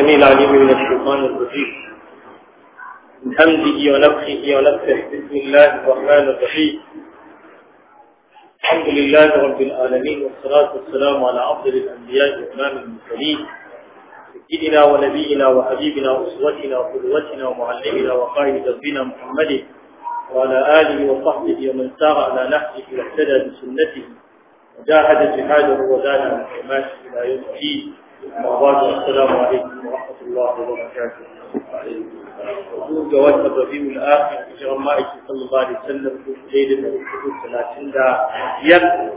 السميع العليم من الشيطان الرجيم من همزه ونفخه ونفخه بسم الله الرحمن الرحيم الحمد لله رب العالمين والصلاة والسلام على أفضل الأنبياء وإمام المرسلين سيدنا ونبينا وحبيبنا وأسوتنا وقدوتنا ومعلمنا وقائد دربنا محمد وعلى آله وصحبه ومن سار على نحسه واهتدى بسنته وجاهد جهاده وزاد عن حماته إلى يوم الدين السلام عليكم ورحمة الله وبركاته حضور جواز الربيع الآخر في رمائك صلى الله عليه وسلم في ليلة من الحدود ثلاثين دا يم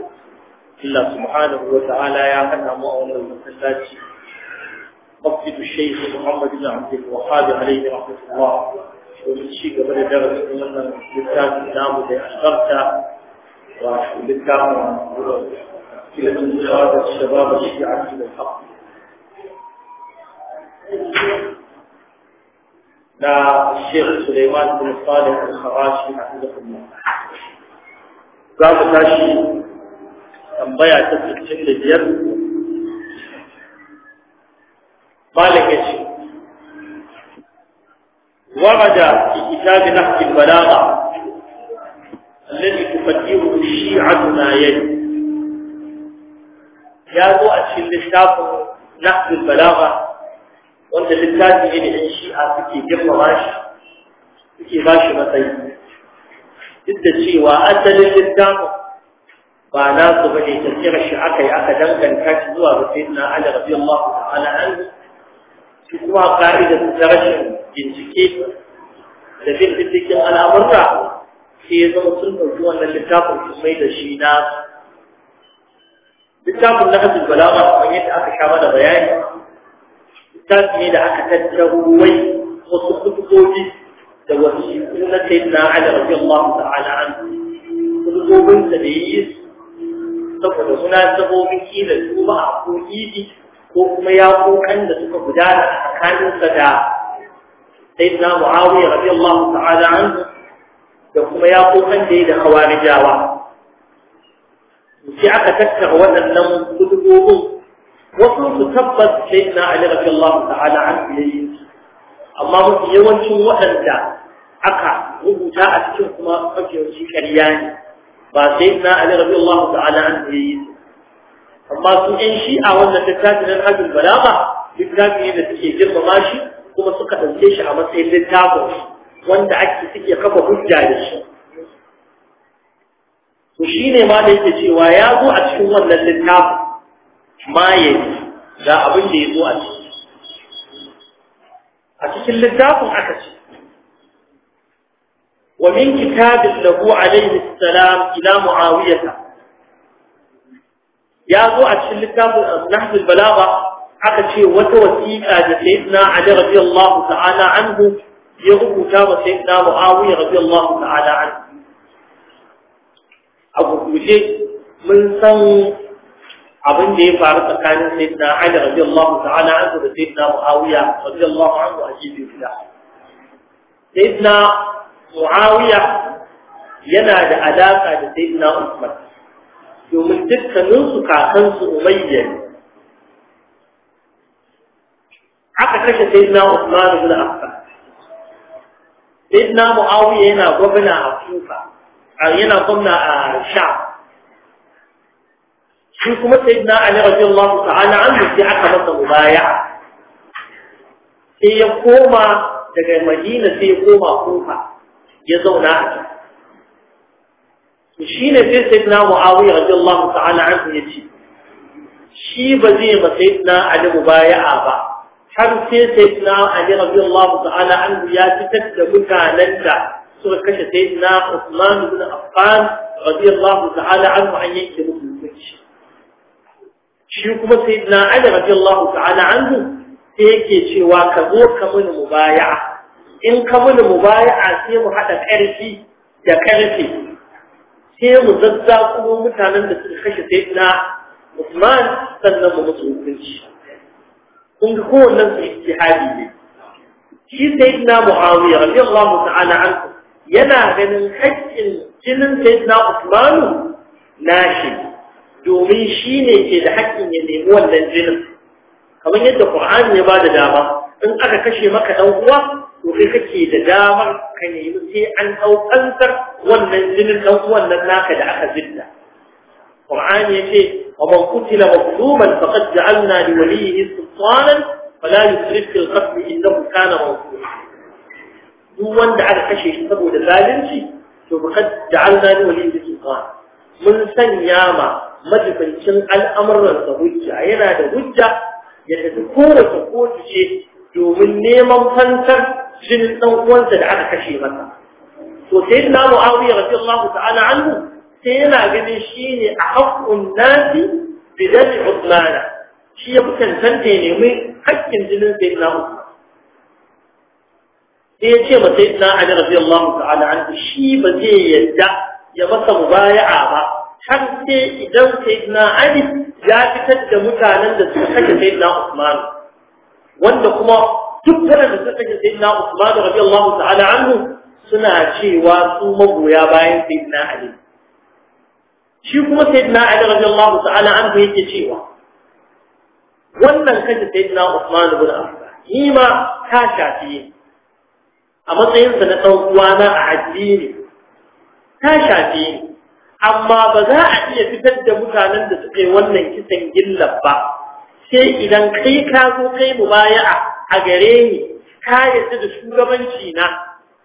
إلا سبحانه وتعالى يا أنا مؤمن المسلات مسجد الشيخ محمد بن عبد الوهاب عليه رحمة الله ومشي قبل درس من لسان نام زي أشرته وبالتالي كلمة الشباب الشيعة في الحق da Sheikh Suleiman bin Salih a cikin Za ku tashi tambaya ta cikin da biyar. Malaka ce, Wa'ada fi kitabi na hakin balaga, Allah ne shi a duna Ya zo a cikin littafin na hakin wanda littafi ne da yan shi'a suke girmama shi suke ba shi matsayi duk da cewa asalin littafin ba na su ba ne tafiyar shi aka yi aka danganta shi zuwa ga sayyidina ali radiyallahu ta'ala anhu shi kuma ka'idar ta rashin bincike da bin diddikin al'amurka sai ya zama sun ɗauki wannan littafin su mai da shi na littafin na hajjul balaga kamar yadda aka sha mana bayani tasmi da aka tattaro wai wasu kutubobi da wasiƙu na sayyidina Ali radiyallahu ta'ala an kutubobin sa da yi saboda suna sabobin kila juma'a ko idi ko kuma ya kokan da suka gudana a tsakaninsa da sai sayyidina Muawiya radiyallahu ta'ala an da kuma ya kokan da yi da hawarijawa sai aka tattara waɗannan kutubobin wasu su tabbas sai na Ali radiyallahu ta'ala an yayi amma mafi yawancin waɗanda aka rubuta a cikin kuma mafi ƙarya ne ba sai na Ali radiyallahu ta'ala an yayi amma su ɗan shi'a wannan littafin nan hajjul balagha littafi ne da suke girmama shi kuma suka ɗauke shi a matsayin littafin wanda ake suke kafa hujja da shi to shine ma da yake cewa ya zo a cikin wannan littafin ma yaji ga abin da ya zo a ciki a cikin littafin aka ce wa min kitabin lahu alaihi salam ila muawiyata ya zo a cikin littafin nahjul balagha aka ce wata wasiƙa da sayyidina ali radiyallahu ta'ala anhu ya rubuta wa sayyidina muawiya radiyallahu ta'ala anhu a gurguje mun san abin da ya faru tsakanin sayyidina Ali radiyallahu ta'ala anhu da sayyidina Muawiya radiyallahu anhu a cikin sai sayyidina Muawiya yana da alaka da sayyidina Usman domin dukkanin su kakan su Umayya aka kashe sayyidina Usman ibn Affan sayyidina Muawiya yana gwamna a Kufa yana gwamna a Sham shi kuma sayyidina ali radiyallahu ta'ala an sai aka masa mubaya sai ya koma daga madina sai ya koma kufa ya zauna a can shi ne sai sayyidina muawiya radiyallahu ta'ala an ya ce shi ba zai ma sayyidina ali mubaya'a ba har sai sayyidina ali radiyallahu ta'ala an ya fitar da mutanen da suka kashe sayyidina Usman ibn Affan radiyallahu ta'ala anhu an yanke musu hukunci shi kuma sai na ali radiyallahu ta'ala anhu sai yake cewa ka zo ka mini mubaya'a in ka mini mubaya'a sai mu haɗa ƙarfi da ƙarfi sai mu zazza kuma mutanen da suka kashe sai na Usman sannan mu musu hukunci kun ga kowannen su ijtihadi ne shi sai na Muawiya radiyallahu ta'ala anhu yana ganin haƙƙin jinin sai na Usmanu nashi domin shi ne ke da haƙƙin ya nemi wannan jinin kamar yadda Qur'ani ya da dama in aka kashe maka ɗan uwa to kai kake da damar ka nemi sai an dau kansar wannan jinin dan uwan nan naka da aka zilla Qur'ani yace wa man qutila mazluman faqad ja'alna li waliyhi sultanan fala yusrif fil qatl innahu kana mawqula duk wanda aka kashe shi saboda zalunci to faqad ja'alna li waliyhi sultanan mun sanya ma majibincin da hujja yana da hujja ya tafi kowace kotu ce domin neman fantar jinin ɗan uwansa da aka kashe masa to sai na mu'awiya radiyallahu ta'ala anhu sai yana ganin shi ne a haƙƙun nasi bi dami usmana shi ya fi cancanta ya nemi haƙƙin jinin sai na sai ya ce ma sai na ali radiyallahu ta'ala anhu shi ba zai yadda ya masa mubaya'a ba har sai idan sayyidina Ali ya fitar da mutanen da suka kashe na Usman wanda kuma duk da suka kashe na Usman radiyallahu ta'ala anhu suna cewa su magoya bayan sayyidina Ali shi kuma sayyidina Ali radiyallahu ta'ala anhu yake cewa wannan kashe na Usman ibn Affan ni ma ta shafi a matsayinsa na ɗan uwana a addini ta shafi ni amma ba za a iya fitar da mutanen da suka yi wannan kisan gillar ba sai idan kai ka zo kai mu baya a gare ni ka yarda da shugabanci na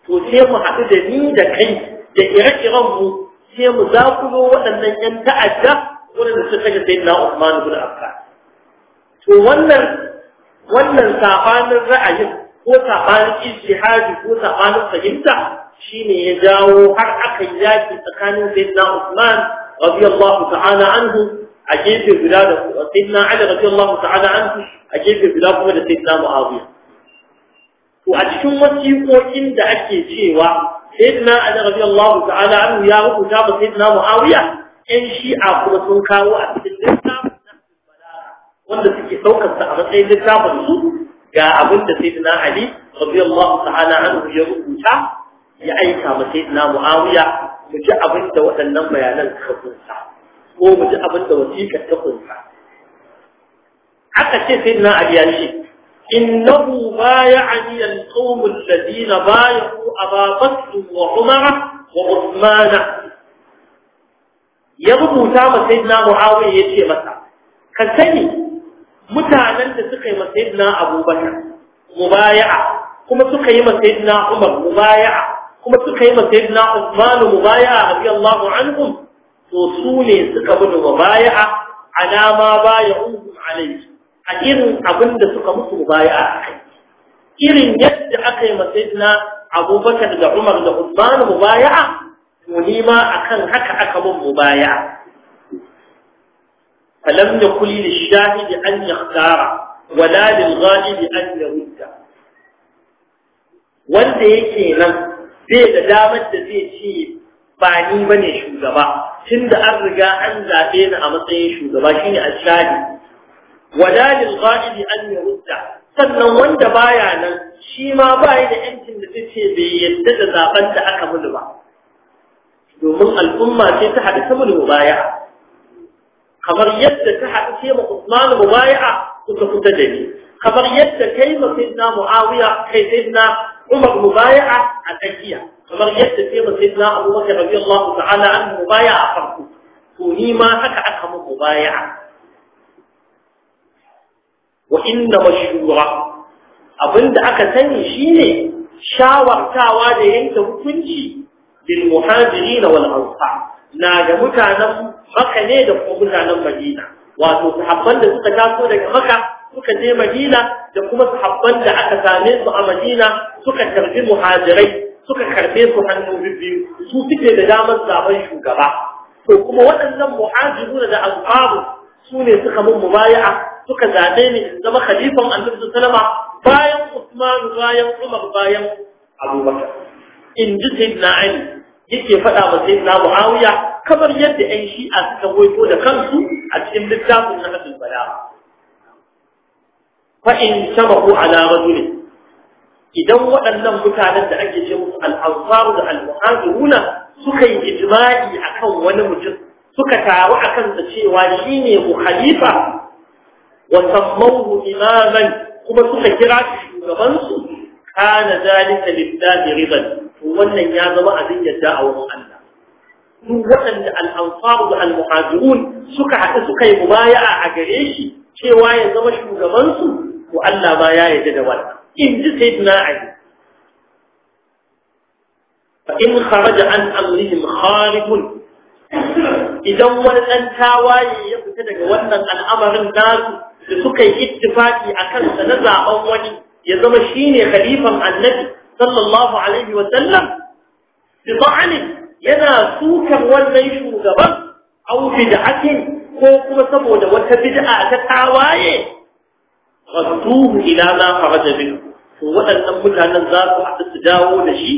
to sai mu haɗu da ni da kai da ire-iren mu sai mu zakulo waɗannan ‘yan ta'adda waɗanda suka kashe sai na ibn Affan to wannan wannan sabanin ra'ayin ko sabanin ijtihadi ko sabanin fahimta shine ya jawo har aka yi yaki tsakanin sayyidina Usman radiyallahu ta'ala anhu a gefe guda da sayyidina Ali radiyallahu ta'ala anhu a gefe guda kuma da sayyidina Muawiya to a cikin wasiƙoƙin da ake cewa sayyidina Ali radiyallahu ta'ala anhu ya rubuta ba sayyidina Muawiya in a kuma sun kawo a cikin littafin wanda suke ɗaukarsa a matsayin littafin su ga abin da sayyidina Ali radiyallahu ta'ala anhu ya rubuta ya aika ma na muawiya mu ji abin da waɗannan bayanan suka kunsa ko mu ji abin da wasiƙar ta kunsa aka ce sai ali ya ce innahu ma ya'ni al-qawm alladhina bayu aba bakr wa umar wa uthman ya rubuta ma na muawiya ce masa ka sani mutanen da suka yi ma sayyidina abubakar mubaya'a kuma suka yi ma na umar mubaya'a kuma suka yi masai na Usmanu mubaya'a radiyallahu anhum to su ne suka bi mubaya'a ala ma baya'uhum alaihi, a irin abin da suka musu mubaya'a kai irin yadda aka yi masai na Abubakar da Umar da Usmanu mubaya'a to ni ma akan haka aka bin mubaya'a فلم يكن للشاهد أن يختار da للغالب أن يرد wanda yake nan bai da damar da zai ce ba ni bane shugaba tunda an riga an zabe ni a matsayin shugaba shine ashadi wadalil ghaib an yurda sannan wanda baya nan shi ma baya da yancin da ce bai yadda da zaben da aka mudu ba domin al'umma ce ta hada ta mudu baya kamar yadda ta hada ce ma Usman mubaya'a kuka kuta da ni kamar yadda kai ma sayyidina Muawiya kai sayyidina Umar mubaya'a a tsakiya kamar yadda sai ba sai na Abu Bakar radiyallahu ta'ala an mubaya'a farko to ni ma haka aka mu mubaya'a wa inna mashhura abinda aka sani shine shawartawa da yanke hukunci bil muhajirin wal ansar na ga mutanen maka ne da kuma mutanen Madina wato sahabban da suka taso daga maka? suka je Madina da kuma sahabban da aka same su a Madina suka karbi muhajirai suka karbe su hannu biyu su suke da damar zaben shugaba to kuma waɗannan muhajiruna da ansaru su ne suka mun mubaya'a suka zaɓe ni in zama khalifan annabi sallama bayan Usman bayan Umar bayan Abubakar in ji sayyidina Ali yake faɗa wa sayyidina Muawiya kamar yadda ƴan shi'a suka goyo da kansu a cikin littafin na hadin bala fa'in shabahu ala rajulin idan waɗannan mutanen da ake ce musu al'ansaru da al'uhaziruna suka yi ijma'i akan wani mutum suka taru a kansa cewa shi ne mu khalifa wa sammahu imaman kuma suka kira shi shugaban su kana zalika da riban to wannan ya zama abin yadda a wurin Allah duk waɗanda al'ansaru da al'uhazirun suka haɗu suka yi mubaya'a a gare shi cewa ya zama shugaban su to Allah ma ya yarda da wannan in ji na ali fa in kharaja an amrihim khalifun idan wani dan tawaye ya fita daga wannan al'amarin nasu da suka yi ittifaki akan sa na zaben wani ya zama shine khalifan annabi sallallahu alaihi wa sallam bi yana sukar wannan shugaban au bid'atin ko kuma saboda wata bid'a ta tawaye radduhu ila ma kharaja min to waɗannan mutanen za ku haɗu su dawo da shi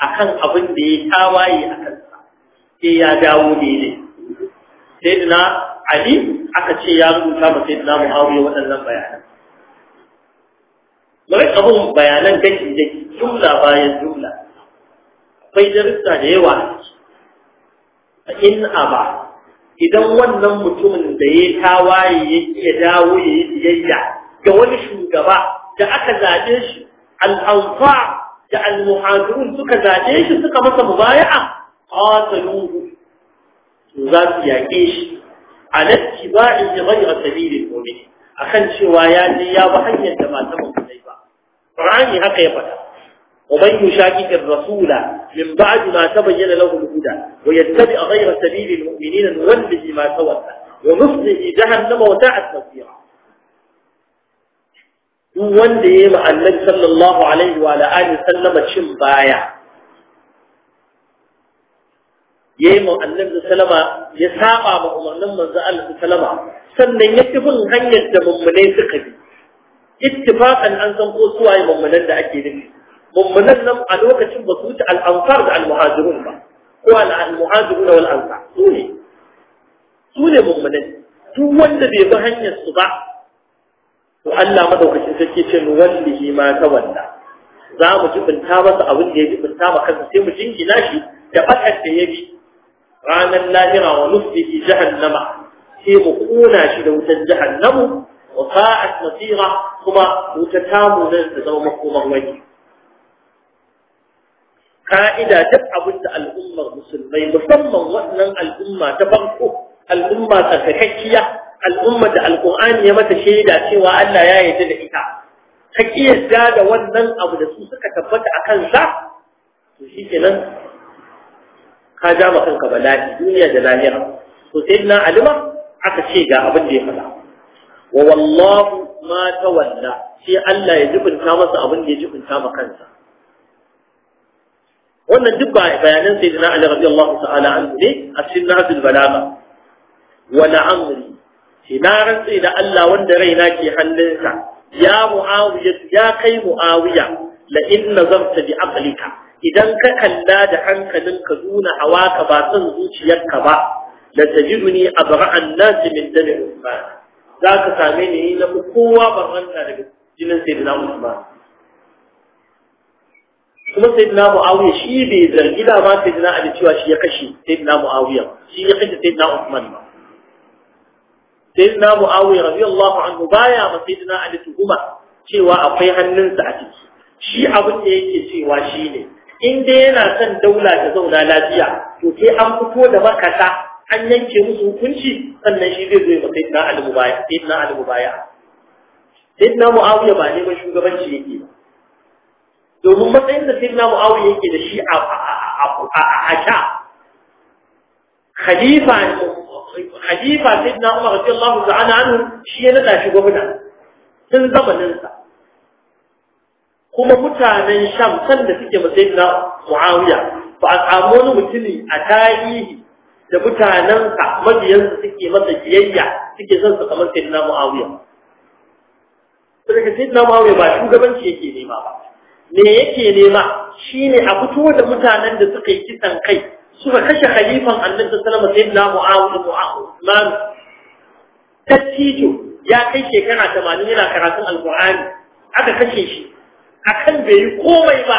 a kan abin da ya tawaye a kansa sai ya dawo daidai sayyidina ali aka ce ya rubuta ma sayyidina muawiya waɗannan bayanan mai abun bayanan daki daki jumla bayan jumla akwai darussa da yawa a in ba idan wannan mutumin da ya tawaye ya dawo ya yi biyayya ga wani shugaba da aka zaɓe shi al'amfa da al muhadirun suka zaɓe shi suka masa mubaya'a qataluhu za su yaƙe shi a latti ba in ji ghayra sabilil a kan cewa ya je ya ba hanyar da ba mutane ba qur'ani haka ya faɗa ومن يشاكك الرسول من بعد ما تبين له الهدى ويتبع غير سبيل المؤمنين نوله ما تولى ونصله جهنم وساءت مصيره duk wanda ya yi ma sallallahu alaihi wa alihi sallama cin baya ya yi ma da salama ya saba ma umarnin manzo Allah sallama sannan ya fi tafi hanyar da mummunai suka bi ittifaqan an san ko suwaye mummunan da ake nufi mummunan nan a lokacin ba su ta al-ansar da al-muhajirun ba ko al-muhajirun wal ansar su ne su ne mummunan duk wanda bai bi hanyar su ba to Allah madaukakin sarki ce nu wallahi ma ta wanda. za mu binta masa abin da ya binta ma kansa sai mu jingina shi da fatar da ya bi ranar lahira wa nufsihi jahannama sai mu kuna shi da wutan jahannamu wa sa'at masira kuma wuta tamu nan ta zama makoman wani ka'ida duk abin da al'ummar musulmai musamman wannan al'umma ta farko al'umma tsakakakkiya al'ummar da alƙur'ani ya mata shaida cewa Allah ya yi da ita ka kiyasta da wannan abu da su suka tabbata a kansa to nan, ka ja ma kanka bala'i duniya da lahira to sai na alima aka ce ga abin da ya faɗa wa wallahu ma wanda sai Allah ya jibinta masa abin da ya jibinta ma kansa wannan duk ba bayanan na Ali radiyallahu ta'ala anhu ne a cikin nahjul balaga. wa la'amri ce na rantse da Allah wanda raina ke hannunsa ya mu'awiya ya kai mu'awiya la in nazarta bi aqlika idan ka kalla da hankalin hankalinka duna hawaka ba san zuciyarka ba la tajiduni abra an-nas min dami usman za ka same ni na kowa barranta daga jinin sayyidina usman kuma sayyidina mu'awiya shi bai zargi da ma sayyidina ali cewa shi ya kashe sayyidina mu'awiya shi ya kashe sayyidina usman ba sayyidina muawiya radiyallahu anhu baya ma sayyidina ali tuhuma cewa akwai hannunsa a ciki shi abin da yake cewa shine in dai yana son daula da zauna lafiya to sai an fito da makasa an yanke musu hukunci sannan shi zai zo ya na ali mubaya na ali mubaya na muawiya ba ba shugabanci yake ba domin matsayin da na muawiya yake da shi a a a a khalifa khalifa sayyidina Umar radiyallahu ta'ala anhu shi ya nada shi gwamna tun zamanin sa kuma mutanen Sham san da suke Sayyidina Muawiya ba a samu wani mutumi a tarihi da mutanen sa mabiyansa suke masa biyayya suke son su kamar sayyidina Muawiya daga sayyidina Muawiya ba shugabanci yake nema ba me yake nema shine a fito da mutanen da suka yi kisan kai suka kashe khalifan annabi sallallahu alaihi wasallam sayyidina mu'awiyah man tattijo ya kai shekara 80 yana karatun alqur'ani aka kashe shi akan bai yi komai ba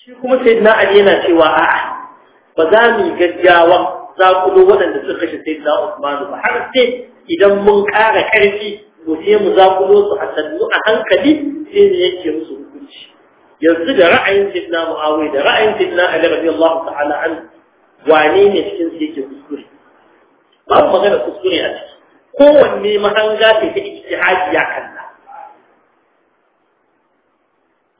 shi kuma sayyidina ali yana cewa a'a ba za mu gaggawa za ku do waɗanda suka kashe sayyidina Usman ba har sai idan mun ƙara ƙarfi to mu za ku su a a hankali sai ne yake musu yanzu da ra'ayin sidna muawiya da ra'ayin sidna ali radiyallahu ta'ala an wani ne cikin su yake kuskure ba mu magana kuskure a ciki kowanne mahanga ce ta ijtihadi ya kalla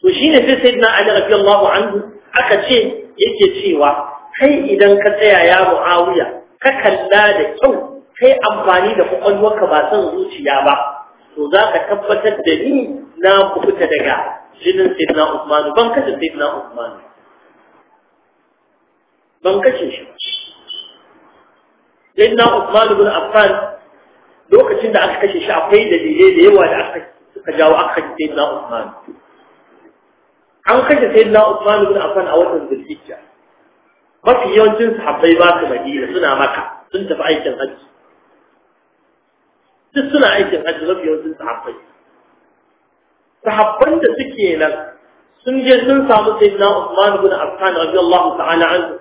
to shine sai sidna ali radiyallahu anhu aka ce yake cewa kai idan ka tsaya ya muawiya ka kalla da kyau kai amfani da kwakwalwarka ba son zuciya ba to za ka tabbatar da ni na kubuta daga jinin sayyidina Usmanu ban kashe sayyidina Usmanu. ban kashe shi sayyidina usmanu bin Affan lokacin da aka kashe shi akwai dalilai da yawa da aka suka jawo aka kashe sayyidina Usmanu. an kashe sayyidina Usmanu bin Affan a watan Zulhijja mafi yawancin sahabbai ba su Madina suna maka sun tafi aikin hajji duk suna aikin hajji mafi yawancin sahabbai sahabban da suke nan sun je sun samu sayyidina Uthman ibn Affan radiyallahu ta'ala anhu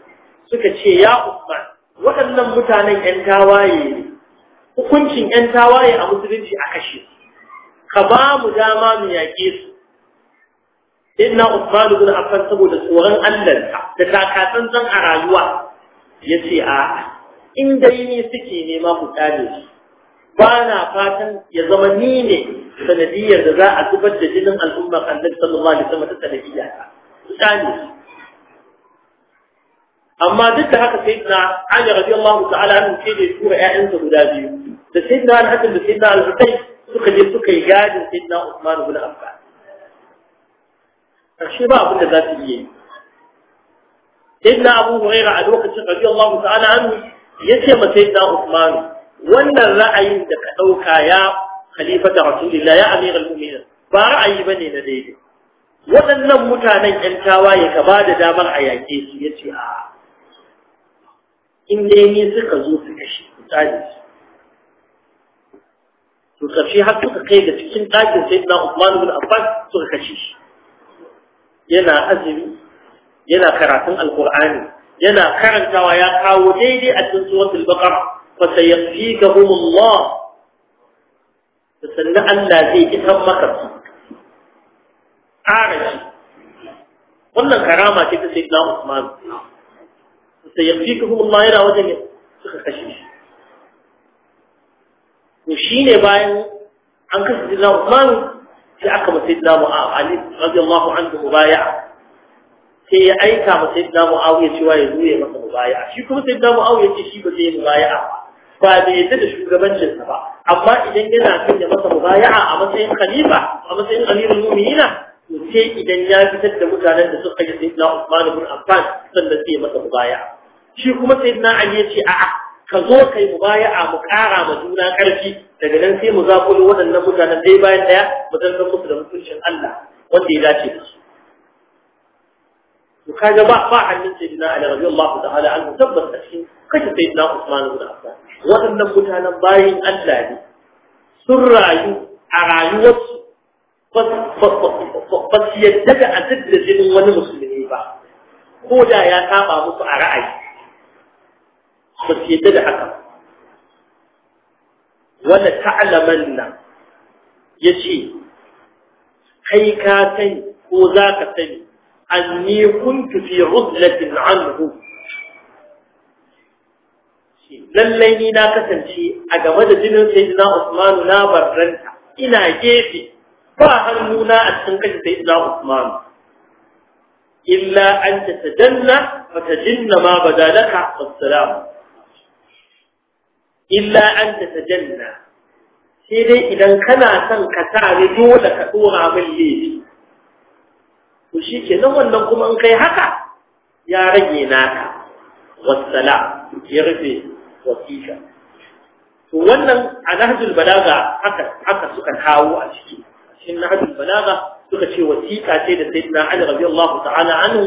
suka ce ya Uthman waɗannan mutanen ƴan tawaye ne hukuncin ƴan tawaye a musulunci a kashe ka ba mu dama mu yaƙe su sayyidina Uthman ibn Affan saboda tsoron Allah da takatsantsan a rayuwa yace a in dai ni suke nema ku tsare su ba na fatan ya zama ni ne sanadiyar da za a zubar da jinin al'ummar annabi sallallahu alaihi wasallam ta sanadiya ta, misali amma duk da haka sai na Ali radiyallahu ta'ala anhu ce da tura ƴaƴansa guda biyu da sai na al-Hasan da sai na al-Husayn suka je suka yi gadin sai na Usman ibn Affan karshe ba abin da za su yi sai Abu Huraira a lokacin radiyallahu ta'ala anhu yace ma sai Usman wannan ra'ayin da ka dauka ya khalifata rasulillah ya amiral mu'minin ba ra'ayi bane na daidai waɗannan mutanen ƴan tawaye ka ba da damar a yaƙe su ya a in dai ni suka zo su kashe su su to ƙarshe har suka kai ga cikin ɗakin sai na Usman bin Affan suka kashe shi yana azumi yana karatun alkur'ani yana karantawa ya kawo daidai a cikin suratul baqara fa sayyafikahumullah da sannan Allah zai kisan maka su ƙara shi wannan karama ce ta sayyidina Usman sai yakfikuhum Allah yana wajen suka kashe shi to shine bayan an kashe sayyidina Usman sai aka ma sayyidina Ali radiyallahu anhu mubaya'a sai ya aika ma sayyidina Muawiya cewa ya zo ya masa mubaya'a shi kuma sayyidina Muawiya ce shi ba zai yi mubaya'a ba da yadda da shugabancinsa ba amma idan yana kan ya masa mubaya'a a matsayin khalifa a matsayin amirul mu'minina to sai idan ya fitar da mutanen da suka yi sayyidina Usman ibn Affan sannan sai ya masa mubaya'a shi kuma sayyidina Ali ya ce a'a ka zo kai mubaya'a mu ƙara ma juna ƙarfi daga nan sai mu zaƙulo waɗannan mutanen ɗaya bayan ɗaya mu zartar musu da mutuncin Allah wanda ya dace da su kaga ba ba hannun sayyidina Ali radiyallahu ta'ala anhu tabbas a cikin kashe sayyidina Usman ibn Affan waɗannan mutanen bayan Allah ne sun rayu a rayuwarsu ba su yadda da a da jinin wani musulmi ba ko da ya saba musu a ra'ayi ba su yadda da haka wanda ta'alaman nan ya ce kai ka sani ko za ka sani anni kuntu fi ruzlatin anhu lallai ni na kasance a game da jinin na Usman na barranta ina gefe ba hannu na a cikin kashe na Usman illa an tatajanna fa tajinna ma badalaka assalam illa an tatajanna sai dai idan kana son ka tare dole ka dora min laifi to shikenan wannan kuma in kai haka ya rage naka wassalam ya rufe wakila to wannan a nahjul balaga haka haka suka kawo a ciki cikin nahjul balaga suka ce wasiƙa ce da sayyidina Ali radiyallahu ta'ala anhu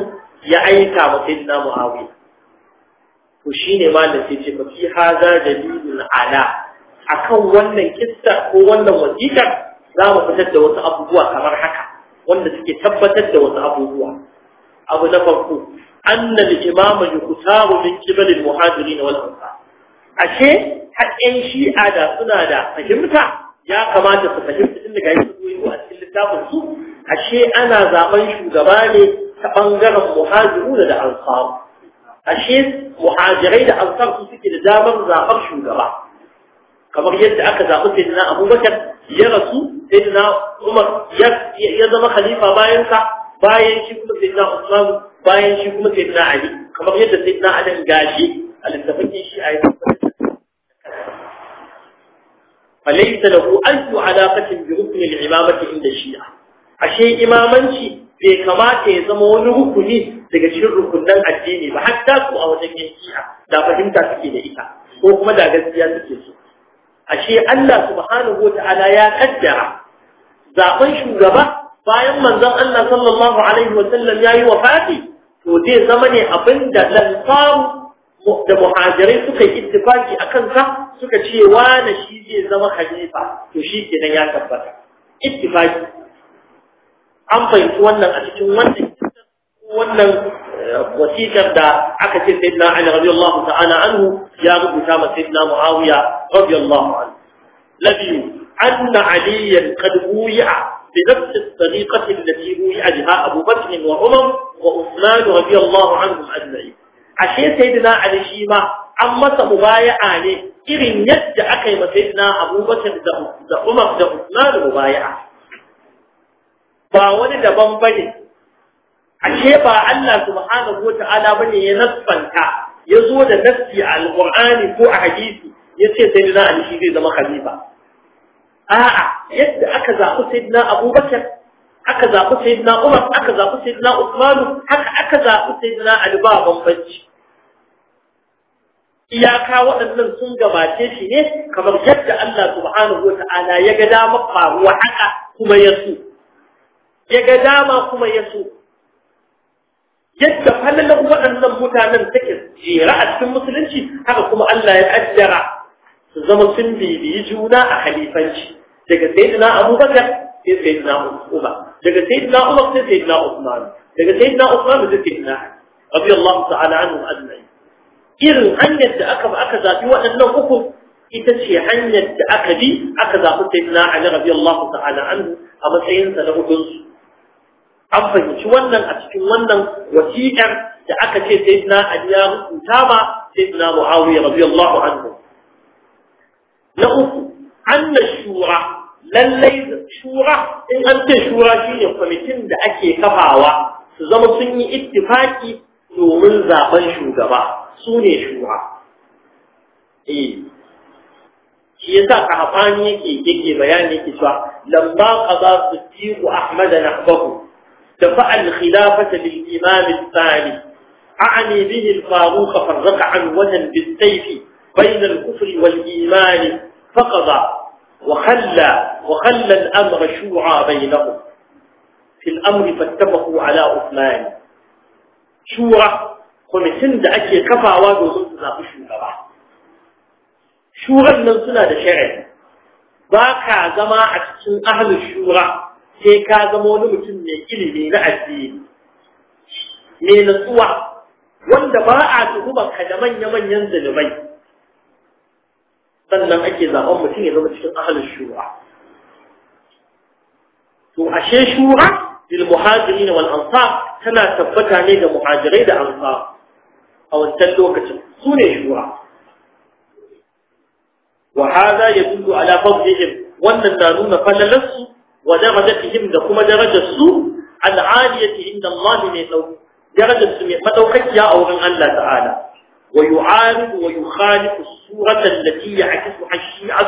ya aika wa sayyidina Muawiya to shine ma da sai ce fi hadha dalilun ala akan wannan kissa ko wannan wasiƙa za mu fitar da wasu abubuwa kamar haka wanda suke tabbatar da wasu abubuwa abu na farko anna al-imama yuqtaru min qibal al-muhajirin wal ansar ashe haƙƙen shi'a da suna da fahimta ya kamata su fahimta inda daga yin koyo a cikin littafin su ashe ana zaben shugaba ne ta ɓangaren muhajiru da ansar ashe muhajirai da ansar su suke da damar zaɓar shugaba kamar yadda aka zaɓi sai na abubakar ya rasu sai na umar ya zama khalifa bayan sa bayan shi kuma sai na usman bayan shi kuma sai na ali kamar yadda sai na adam gashi a littafin shi a yi فليس له أي علاقة بركن الإمامة عند الشيعة أشيء إمامانشي bai kamata ya zama wani rukuni daga cikin rukunan addini ba hatta ku a wajen yankiya da fahimta suke da ita ko kuma da gaskiya suke so ashe Allah subhanahu ya kaddara zaben shugaba bayan manzon Allah sallallahu alaihi wa sallam yayi wafati to zai zama ne abinda lan da muhajirai suka yi ittifaki a kansa suka ce wane shi zai zama khalifa to shi kenan ya tabbata ittifaki an fahimci wannan a cikin wannan wannan eh, wasiƙar da aka ce sayyidina Ali radiyallahu ta'ala anhu ya rubuta ma sayyidina Muawiya radiyallahu anhu labiyu anna aliyan qad buyi'a بنفس الطريقة التي بويع بها أبو بكر وعمر وعثمان رضي الله عنهم أجمعين ashe sayyidina ali shi ma an masa mubaya'a ne irin yadda aka yi ma sayyidina abubakar da umar da usman mubaya'a ba wani daban bane ashe ba Allah subhanahu wata'ala bane ya nasfanta ya zo da nafsi a alqur'ani ko a hadisi yace sayyidina ali shi zai zama khalifa a'a yadda aka zaɓi sayyidina abubakar aka zaɓi sayyidina Umar aka zaɓi sayyidina Usman haka aka zaɓi sayyidina Ali ba bambanci iyaka waɗannan sun gabace shi ne kamar yadda Allah subhanahu wa ta'ala ya ga dama faruwa haka kuma ya so ya ga dama kuma ya so yadda falalar waɗannan mutanen take jera a cikin musulunci haka kuma Allah ya kaddara su zama sun bibiyi juna a halifanci daga sayyidina Abubakar sai sayyidina Umar daga sayyidina Umar sai sayyidina Usman daga sayyidina Usman sai sayyidina Ali radiyallahu ta'ala anhu ajma'in irin hanyar da aka aka zaɓi waɗannan uku ita ce hanyar da aka bi aka zaɓi sai na Ali radiyallahu ta'ala anhu a matsayinsa na hudun su an fahimci wannan a cikin wannan wasiƙar da aka ce sai na Ali ya rubuta ma sai na Muawiya radiyallahu anhu na uku anna shura lallai shura in an ce shura shine kwamitin da ake kafawa su zama sun yi ittifaki domin zaben shugaba su ne shura eh shi yasa kafani yake yake bayani yake cewa lamma qada siddiq ahmad nahbahu دفع الخلافة للإمام الثاني أعني به الفاروق فرق عنونا بالسيف بين الكفر والإيمان فقضى وخلى وخلى الأمر شوعا بينهم في الأمر فاتفقوا على عثمان شورى kwamitin da ake kafawa domin su zaɓi shugaba shuran nan suna da shari'a ba ka zama a cikin ahalin shura sai ka zama wani mutum mai ilimi na addini mai natsuwa wanda ba a tuhuma ka da manya-manyan zunubai sannan ake zaɓen mutum ya zama cikin ahalin shura to ashe shura lil muhajirin wal ansar tana tabbata ne ga muhajirai da ansa. a wancan lokacin su ne shura wa hada yadullu ala fadlihim wannan na nuna falalarsu wa darajatihim da kuma darajarsu al'aliyati inda Allah ne dau darajarsu mai madaukakiya a wurin Allah ta'ala wa yu'aridu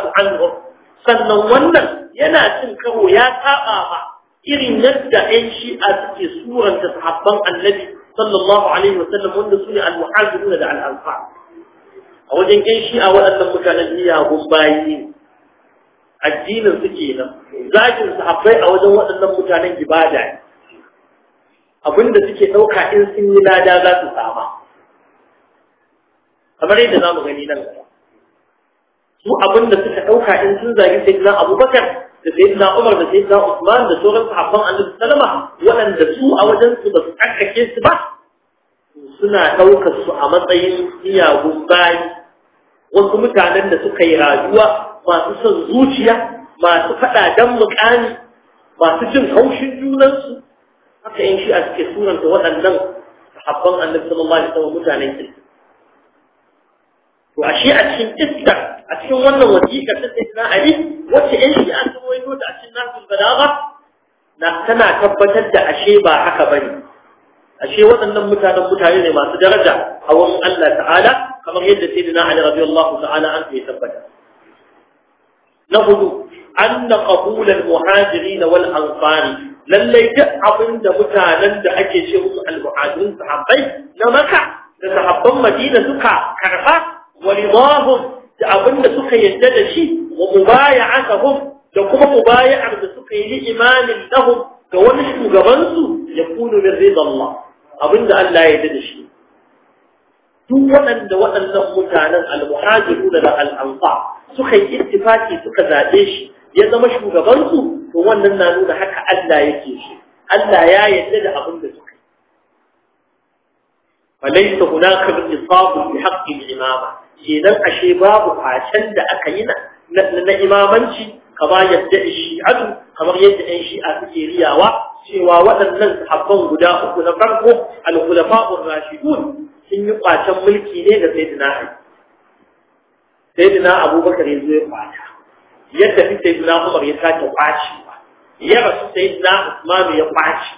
wa wannan yana cin karo ya saba ma irin yadda ɗan shi'a suke suranta sahabban annabi sallallahu alaihi wasallam wanda su al-muhajiruna da al-ansar a wajen ƴan shi'a waɗannan mutanen miyagun bayi ne addinin su kenan zagin sahabbai a wajen waɗannan mutanen ibada ne abinda suke ɗauka in sun yi lada za su sama kamar yadda za mu gani nan gaba su abinda suka ɗauka in sun zagi sai na abubakar da sayyidina Umar da sayyidina Usman da sauran sahabban Annabi sallama waɗanda su a wajen su ba su tsakake su ba suna ɗaukar su a matsayin miyagun bayi wasu mutanen da suka yi rayuwa masu son zuciya masu faɗa dan mukami masu jin haushin junansu haka in shi a suke suranta waɗannan sahabban Annabi sallallahu alaihi wasallam mutanen kirki to ashe a cikin iskar a cikin wannan wasiƙar ta sai na Ali wacce ƴan shi an samu wato ta a cikin nasul balaga na tana tabbatar da ashe ba haka bane ashe waɗannan mutanen mutane ne masu daraja a wurin Allah ta'ala kamar yadda sayyidina Ali radiyallahu ta'ala an ya tabbata na hudu anna qabul muhajiri na wal amfani lallai duk abin da mutanen da ake ce musu al-muhajirun sahabbai na maka da sahabban madina suka karba wa ridahum da abinda da suka yadda da shi wa mubaya'atuhum da kuma mubaya'ar da suka yi li imamin lahum ga wani shugaban su ya kunu min ridallah Abinda da Allah ya yadda da shi duk waɗanda waɗannan mutanen al-muhajiruna da al-ansar suka yi suka zaɓe shi ya zama shugaban su to wannan na nuna haka Allah yake shi Allah ya yarda da abinda suka yi falaysa hunaka bi isab bi haqqi al-imama kenan ashe babu facen da aka yi na imamanci kama yadda shi'atu kamar yadda ɗan shi'a suke riyawa cewa waɗannan sahabban guda uku na farko al-khulafa'ur rashidun sun yi ƙwacen mulki ne da sayyidina Ali sayyidina Abubakar ya zo ya kwata yadda fi dina Umar ya sake kwaci ya rasu dina Usmanu ya kwaci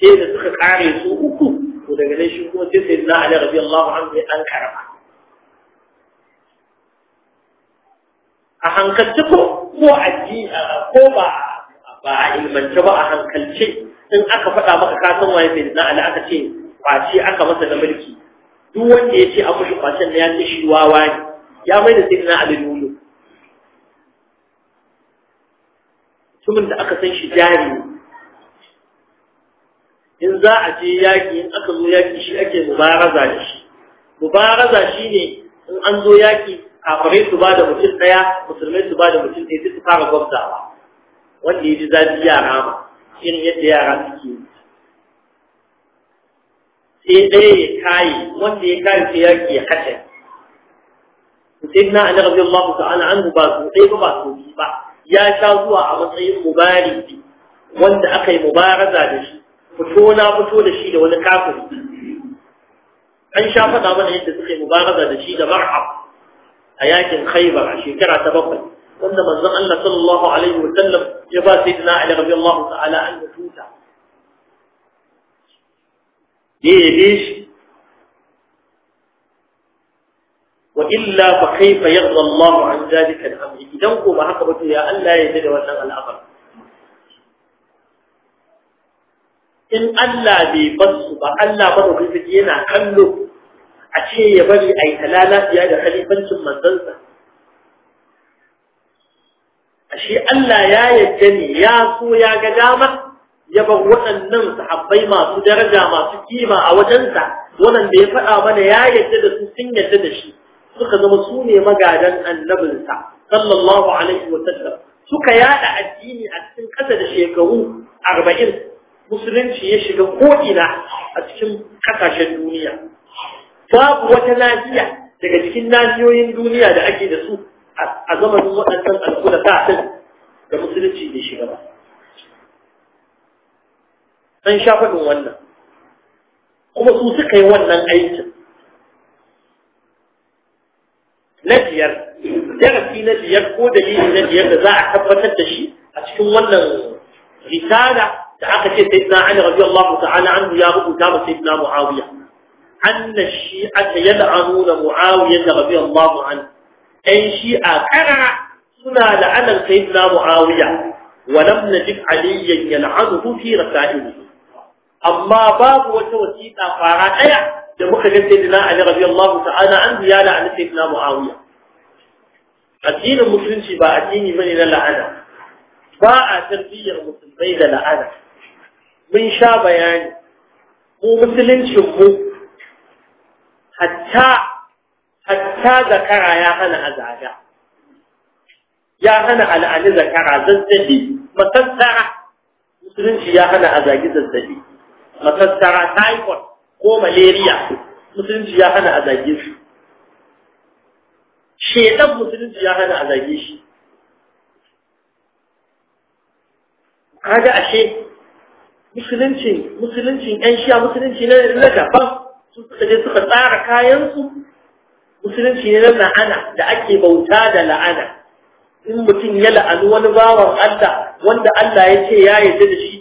sai da suka kare su uku to daga nan shi kuma sai sayyidina Ali radiyallahu anhu ya dan karama a hankalce ko ko aji ko ba ba ilmance ba a hankalce in aka faɗa maka ka san waye sayyidina Ali aka ce kwace aka masa da mulki duk wanda ya ce an mushi kwacen ne ya ce shi wawa ne ya mai da sayyidina Ali lulu mutumin da aka san shi jari in za a je yaƙi in aka zo yaƙi shi ake mubaraza da shi mubaraza shi ne in an zo yaƙi kafirai su ba da mutum ɗaya musulmai su ba da mutum ɗaya sai su fara gwamzawa wanda ya ji zafi yara ma irin yadda yara suke sai ɗaya ya kayi wanda ya kayi sai yaƙi ya kace sayyidina ali ta ana anhu ba su ɗaya ba ba su ba ya sha zuwa a matsayin mubariki wanda aka yi mubaraza da shi fito na fito da shi da wani kafiri an sha faɗa mana yadda suka yi mubaraza da shi da mar'ab a yakin khaybar a shekara ta bakwai wanda manzon Allah sallallahu alaihi wa sallam ya ba sayyidina Ali radiyallahu ta'ala an tuta ya yabe shi wa illa fa kayfa yarda Allah an zalika al-amr idan ko ba haka ba to ya Allah ya yarda da wannan al'amari in Allah bai basu ba Allah ba da yana kallo a ce ya bari a yi talalafiya da halifancin manzansa ashe Allah ya yadda ne ya so ya ga dama ya bar waɗannan sahabbai masu daraja masu kima a wajensa waɗanda ya faɗa mana ya yadda da su sun yadda da shi suka zama su ne magadan annabinsa sallallahu alaihi wa sallam suka yada addini a cikin ƙasa da shekaru arba'in musulunci ya shiga ko'ina a cikin ƙasashen duniya babu wata nahiya daga cikin nahiyoyin duniya da ake da su a zamanin waɗannan al'ula ta da musulunci bai shiga ba an sha faɗin wannan kuma su suka yi wannan aikin na biyar darasi na biyar ko dalili na biyar da za a tabbatar da shi a cikin wannan risala da aka ce sayyidina ali radiyallahu ta'ala anhu ya rubuta ma sayyidina muawiya anna shi'a yal'anuna muawiya radiyallahu anhu ai shi'a karara suna la'anar sayyidina muawiya ولم نجد عليا يلعنه في رسائله amma babu wata wasiƙa fara ɗaya da muka ga sayyidina Ali radiyallahu ta'ala an ya ziyara an sayyidina Muawiya addinin musulunci ba addini bane na la'ana ba a tarbiyyar musulmai da la'ana mun sha bayani mu musuluncin ku? hatta hatta zakara ya hana azaga ya hana al'ani zakara zazzabi matattara musulunci ya hana azagi zazzabi matattara typhoid ko malaria musulunci ya hana azage su shedan musulunci ya hana azage shi kaga ashe musulunci musulunci yan sha musulunci na daban sun suka je suka tsara kayansu musulunci ne na la'ana da ake bauta da la'ana in mutum ya la'anu wani bawan Allah wanda Allah ya ce ya yarda da shi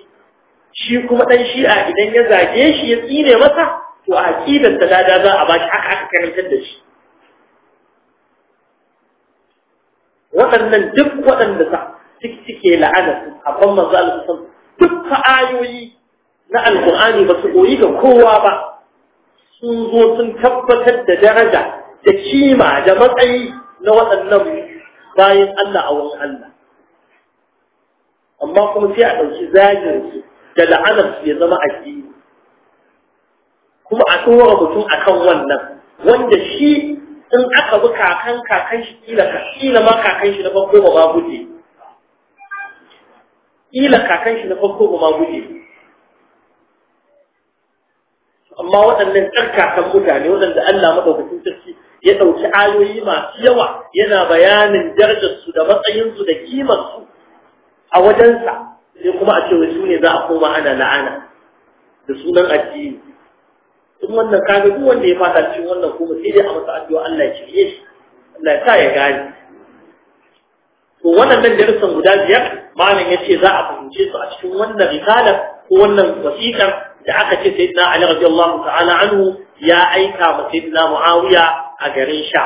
shi kuma ɗan shi'a idan ya zage shi ya tsine masa to a aqidar ta dada za a bashi haka aka karantar da shi waɗannan duk waɗanda sa suke la'ana su a ban manzo Allah dukkan ayoyi na alkur'ani ba su koyi ga kowa ba sun zo sun tabbatar da daraja da kima da matsayi na waɗannan bayan Allah a wani Allah amma kuma sai a ɗauki zagin su da la'anar su ya zama a addini kuma a tsohon mutum a kan wannan wanda shi in aka bi kakan kakan shi ka ma kakan shi na farko ba ba guje kila kakan shi na farko ba ma guje amma waɗannan kakan mutane waɗanda Allah madaukakin sarki ya ɗauki ayoyi masu yawa yana bayanin darajarsu da matsayinsu da kimarsu a wajensa sai kuma a cewa su ne za a koma ana la'ana da sunan addini in wannan kaga duk wanda ya fata cikin wannan kuma sai dai a masa addu'a Allah ya shirye shi Allah ya sa ya gani. to nan darussan guda biyar malam ya ce za a fahimce su a cikin wannan risalar ko wannan wasiƙar da aka ce sayyidina Ali radiyallahu ta'ala anhu ya aika ma sayyidina Muawiya a garin Sha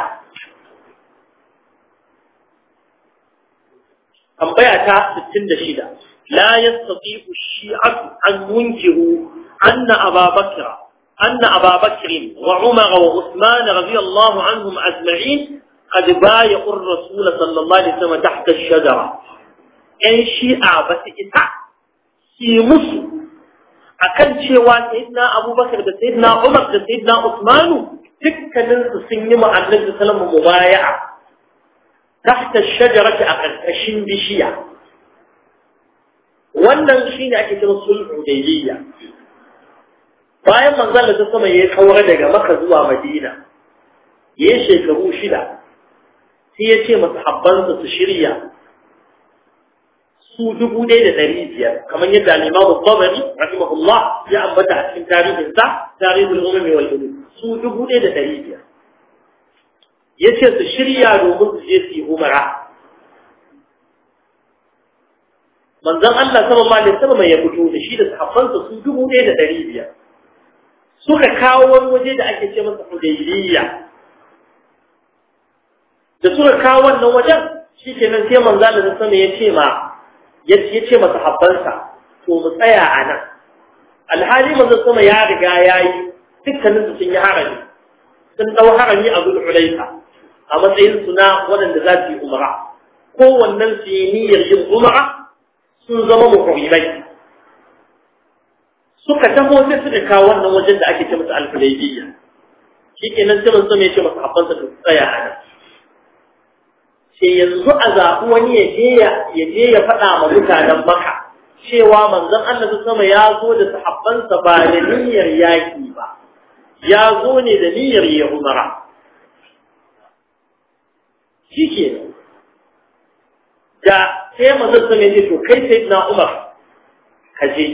tambaya ta 66 la yastati'u shi'atu an yunkiru anna Aba Bakr anna Aba Bakr wa Umar wa Uthman radiyallahu anhum ajma'in قد بايعوا الرسول صلى الله عليه وسلم تحت الشجرة ان شيعة بس إساء سيمس akan cewa sayyidina Abubakar da sayyidina Umar da sayyidina Uthman dukkanin sun yi ma Annabi sallallahu alaihi wasallam mubaya'a tahta shajarati a ƙarƙashin bishiya wannan shine ake kira sulhu dayyiyya bayan manzon da sama ya kawar daga maka zuwa Madina ya shekaru shida sai ya ce masu habbansa su shirya su dubu ɗaya da ɗari biyar kamar yadda al'imamu tabari rahimahullah ya ambata a cikin tarihinsa tarihul umami mai hudud su dubu ɗaya da ɗari biyar ya ce su shirya domin su je su yi umara manzon Allah sallallahu alaihi wasallam mai fito da shi da sahabbansa su dubu ɗaya da ɗari biyar suka kawo wani waje da ake ce masa hudaybiyya da suka kawo wannan wajen nan sai manzo Allah sama ya ce ma ya ce masa habbansa to mu tsaya a nan alhali manzo sama ya riga ya yi, dukkanin su sun yi harami sun dau harami a zuwa ulaifa a matsayin su na waɗanda za su yi umara kowannen su yi niyyar yin umara sun zama muhrimai suka taho sai suka kawo wannan wajen da ake ce masa alfulaibiyya nan sai manzo sama ya ce masa habbansa to tsaya a nan sai yanzu a zaɓi wani ya je ya faɗa ma mutanen maka cewa manzon Allah ta sama ya zo da sahabbansa ba da niyyar yaƙi ba ya zo ne da niyyar ya umara shi ke da sai manzon sama ya to kai sai na umar ka je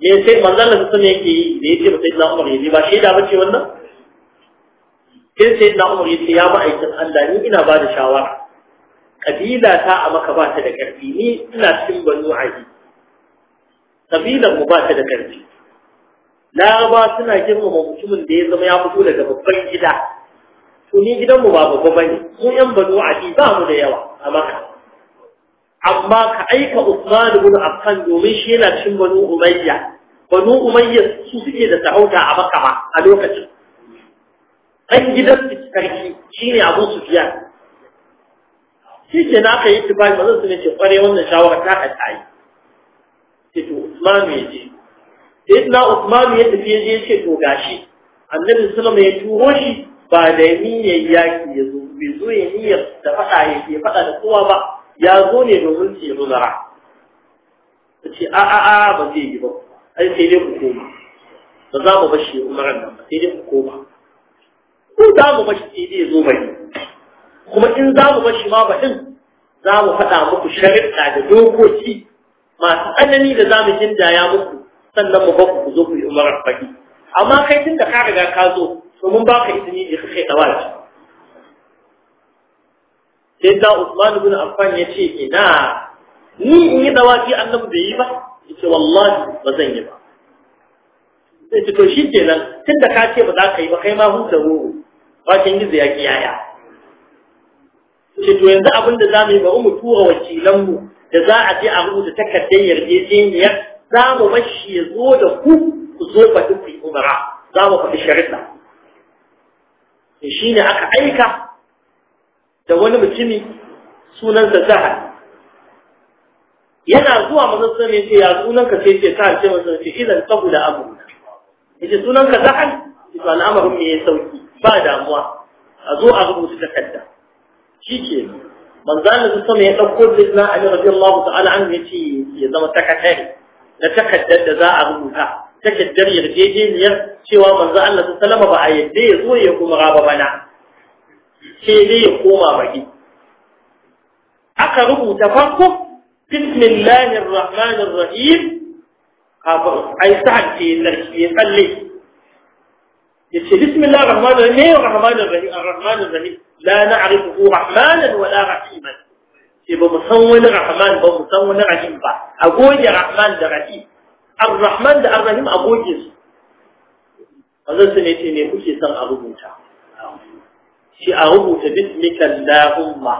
me sai manzon Allah ta sama yake yi da ya ce ba sai na umar ya je ba shi da ba ce wannan sai sai na umar yace ya ma'aikin Allah ni ina ba da shawara kabila ta a maka ba ta da karfi ni ina cikin banu aji kabilan mu ba ta da karfi laraba suna girmama mutumin da ya zama ya fito daga babban gida to ni gidan mu ba babba bane mu yan banu aji ba mu da yawa a maka amma ka aika Usman ibn Affan domin shi yana cikin banu Umayya banu Umayya su suke da sarauta a Makka a lokacin ɗan gidan su karki shi ne abu su fiya shi ke na aka yi bayan mazan su ne ke kware wannan shawara ta a tsaye ce to usmanu ya je yi na usmanu ya tafi ya je ce to gashi annabi sulama ya turo shi ba da niyyar yaki ya zo bai zo ya niyyar da faɗa ya ke faɗa da kowa ba ya zo ne domin su yi nuzara ta ce a a a ba zai yi ba ai sai dai ku koma ba za mu bashi umarar nan ba sai dai ku koma ko za mu mashi sai zo mai kuma in za mu mashi ma baɗin za mu faɗa muku shari'a da dokoki masu tsanani da za mu jindaya muku sannan mu ba ku zo ku yi umarar faɗi amma kai tun da ka riga ka zo to mun baka izini da kai dawaci sai da Usman ibn Affan ya ce ina ni in yi dawaki annabi bai yi ba yace wallahi ba zan yi ba sai ce to kenan tun da ka ce ba za ka yi ba kai ma huta ruhu bakin gizo ya kiyaya ce to yanzu abin da zamu yi ba mu tura wakilan mu da za a je a rubuta takardar yarjejeniyar za mu bashi ya zo da ku ku zo ba duk umara za mu faɗi shari'a to shine aka aika da wani mutumi sunansa Zahar yana zuwa mazan ne ce ya sunanka sai ce ka ce mazan ce idan saboda abu yace sunanka Zahar to al'amarin me ya sauki ba damuwa a zo a rubuta takarda shi ke manzan da sama ya ɗauko lizna ali radiyallahu ta'ala an ya ce ya zama sakatare na takardar da za a rubuta takaddar yarjejeniyar cewa manzo Allah sallama ba a yadda ya zo ya kuma raba bana sai dai ya koma baki aka rubuta farko bismillahir rahmanir rahim ai sa'ad ke sarki ya tsalle yace bismillahir rahmanir rahim ne rahmanir rahim arrahmanir rahim la na'rifu rahmanan wala rahiman ce ba mu san wani rahman ba mu san wani rahim ba a goge rahman da rahim arrahman da arrahim a goge su azan su ne ce ne kuke son a rubuta shi a rubuta bismika allahumma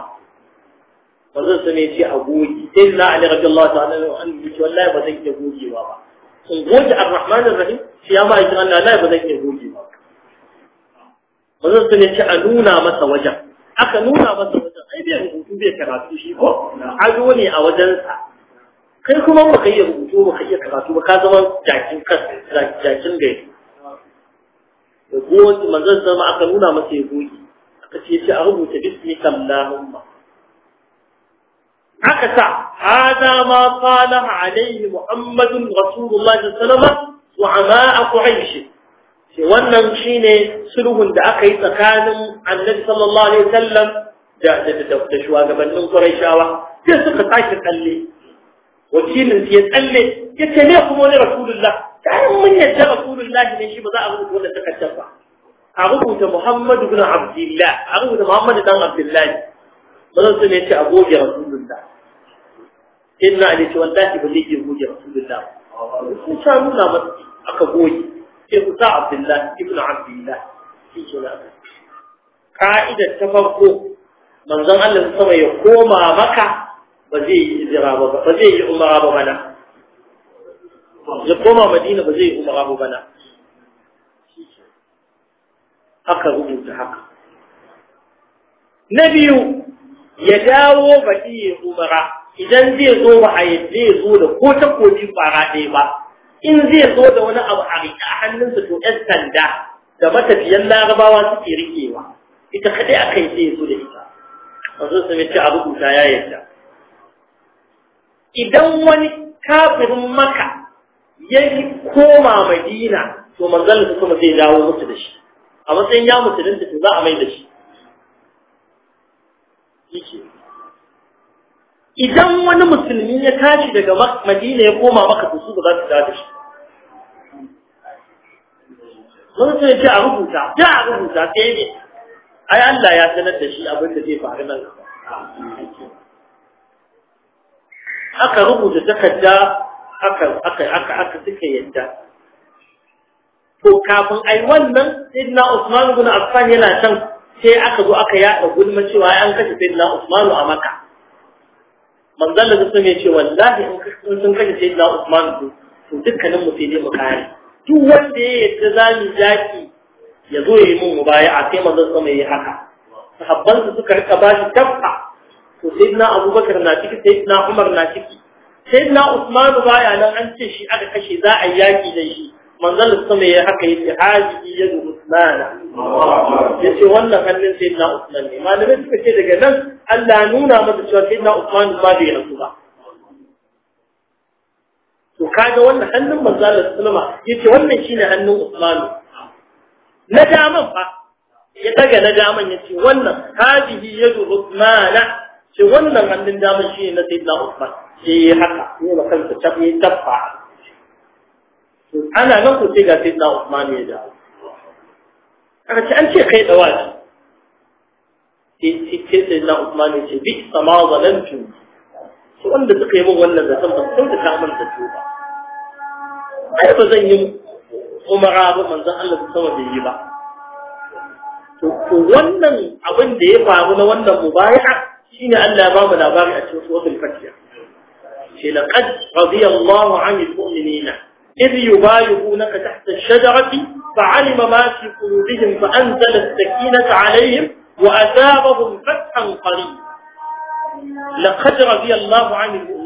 bazan su ne ce a goge sai na ali radiyallahu ta'ala an yi wallahi ba zan iya gogewa ba in goge arrahmanir rahim shi ya ma yi Allah wallahi ba zan iya gogewa ba manzon sun ce a nuna masa wajen aka nuna masa wajen ai bai rubutu bai karatu shi ko ado ne a wajensa kai kuma ba ka iya rubutu ba ka iya karatu ba ka zama jakin kas, jakin gari da goji manzon sun aka nuna masa ya goge. aka ce ce a rubuta bismika allahumma Haka sa hada ma qala alaihi muhammadun rasulullahi sallallahu alaihi wasallam wa ama'a quraish ce wannan shine sulhun da aka yi tsakanin annabi sallallahu alaihi wasallam da da da shugabannin Qurayshawa sai suka tashi tsalle wakilin ya tsalle ya ce ne kuma wani rasulullah kai mun yadda rasulullah ne shi ba za a rubuta wannan takaddar ba a rubuta Muhammad ibn Abdullah a rubuta Muhammad dan Abdullah bazan su ne ce a goge rasulullah inna alaihi wallahi ba zai goge rasulullah sun sha nuna masa aka goge irza abdullah ibn abdullah shi ke na ka'idar ta farko manzon Allah sama ya koma maka ba zai yi izira ba ba zai yi umara ba bana ya koma madina ba zai yi umara ba bana haka rubuta haka na biyu ya dawo baɗi ya umara idan zai zo ba a yadda ya zo da ko ta kocin bara ɗaya ba in zai zo da wani abu a riƙe a hannunsa to ‘yan sanda da matafiyan larabawa suke riƙewa ita kaɗai a kai zai zo da ita zo sun ce a rubuta ya yadda idan wani kafirin maka ya koma madina to manzalin su kuma zai dawo musu da shi a matsayin ya musulunta to za a mai da shi idan wani musulmi ya tashi daga madina ya koma maka to su ba za su dawo da shi lokacin ya ce a rubuta da a rubuta sai ne ai Allah ya sanar da shi abin da zai faru nan aka rubuta takarda aka aka aka aka suka yadda to kafin ai wannan sayyidina Usman ibn Affan yana can sai aka zo aka yaɗa gulma cewa an kashe sayyidina Usman a Makka manzon da sun ce wallahi in sun kashe sayyidina Usman to dukkanin mu sai dai mu kare duk wanda ya yadda mu yaki ya zo ya yi mun a kai manzon sama ya yi haka sahabban su suka rika ba shi tabba to abubakar na ciki sayyidina umar na ciki sayyidina Usman baya nan an ce shi aka kashe za a yaki da shi manzon sama ya haka yace haji yadu usmana yace wannan hannun sayyidina usman ne malamai suka ce daga nan Allah nuna masa cewa sayyidina usman ba da rasu ba to kaga wannan hannun manzala Allah sallama yace wannan shine hannun Usman na daman fa ya daga na daman yace wannan hadihi yadu Usman ce wannan hannun daman shine na Sayyidina Usman sai haka ne ba makansa tabi tabba ana nan ku sai ga Sayyidina Usman ya dawo aka ce an ce kai dawaji sai sai sai na Usman ya ce bi sama zalantu su wanda suka yi wannan da ba sai da ta da ba ai ba zan yi umara ba manzon Allah ta sama bai yi ba to wannan abin da ya faru na wannan mubaya'a shine Allah ya ba mu labari a cikin suratul fatiha ce laqad radiyallahu 'anil mu'minina إذ يبايعونك تحت الشجرة فعلم ما في قلوبهم فأنزل السكينة عليهم وأثابهم فتحا قريبا لقد رضي الله عن المؤمنين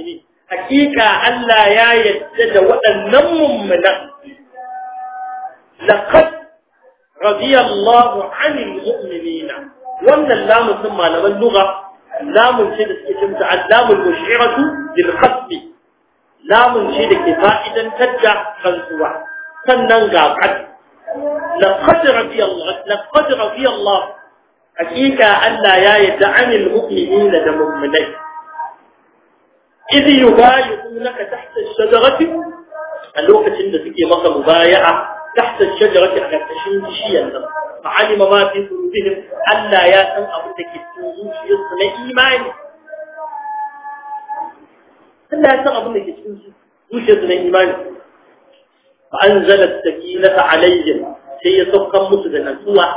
hakika Allah ya yadda da waɗannan mummunan laqad radiyallahu anil mu'minina wannan lamun din malaman lugha lamun ce da suke cimta allamul mushiratu bil khatmi lamun ce da ke fa'idan tadda kansuwa sannan ga qad laqad radiyallahu laqad radiyallahu hakika Allah ya yadda anil mu'minina da mu'minai idh sunaka tahta shajarati a lokacin da suke maka mubaya'a tahta ash-shajarati a karkashin bishiyar nan fa'alima ma fi qulubihim Allah ya san abin da ke cikin zuciyarsu na imani Allah ya san abin da ke cikin zuciyarsu na imani فأنزل السكينة عليهم سيسقم مسجنا سوى